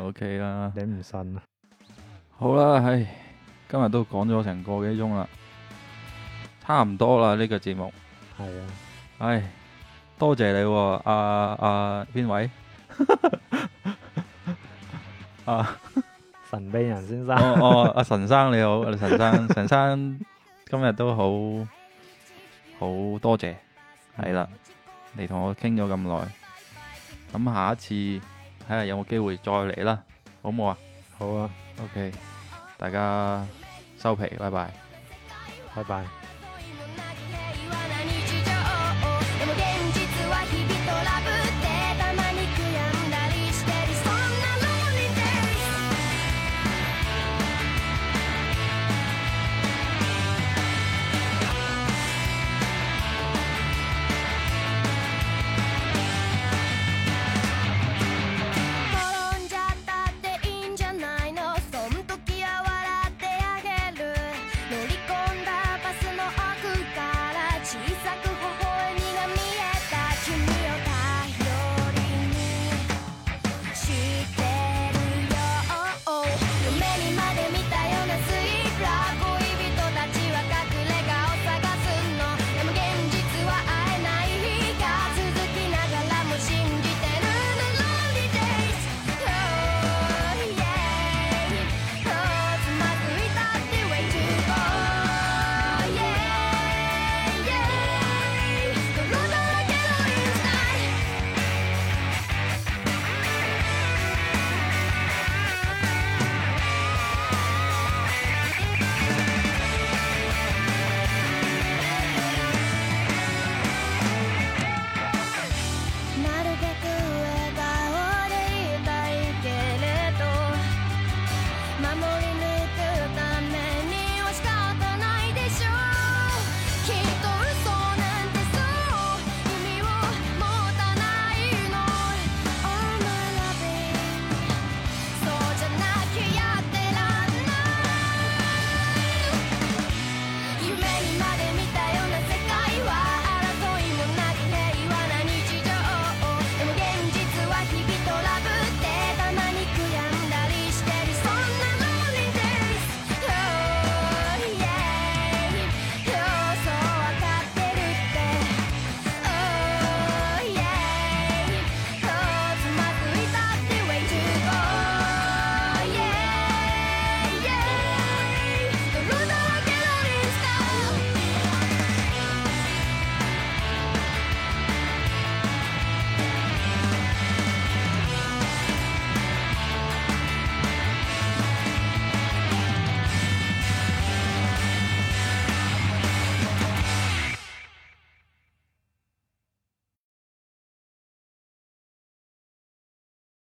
O K 啦，你唔信啊？好啦，唉，今日都講咗成個幾鐘啦，差唔多啦呢個節目。係啊，唉，多謝你，阿阿邊位？啊，神秘人先生。哦哦，阿神生你好，阿神生，神生今日都好好多謝，係啦，你同我傾咗咁耐，咁下一次。睇下有冇機會再嚟啦，好冇啊？好啊，OK，大家收皮，拜拜，拜拜。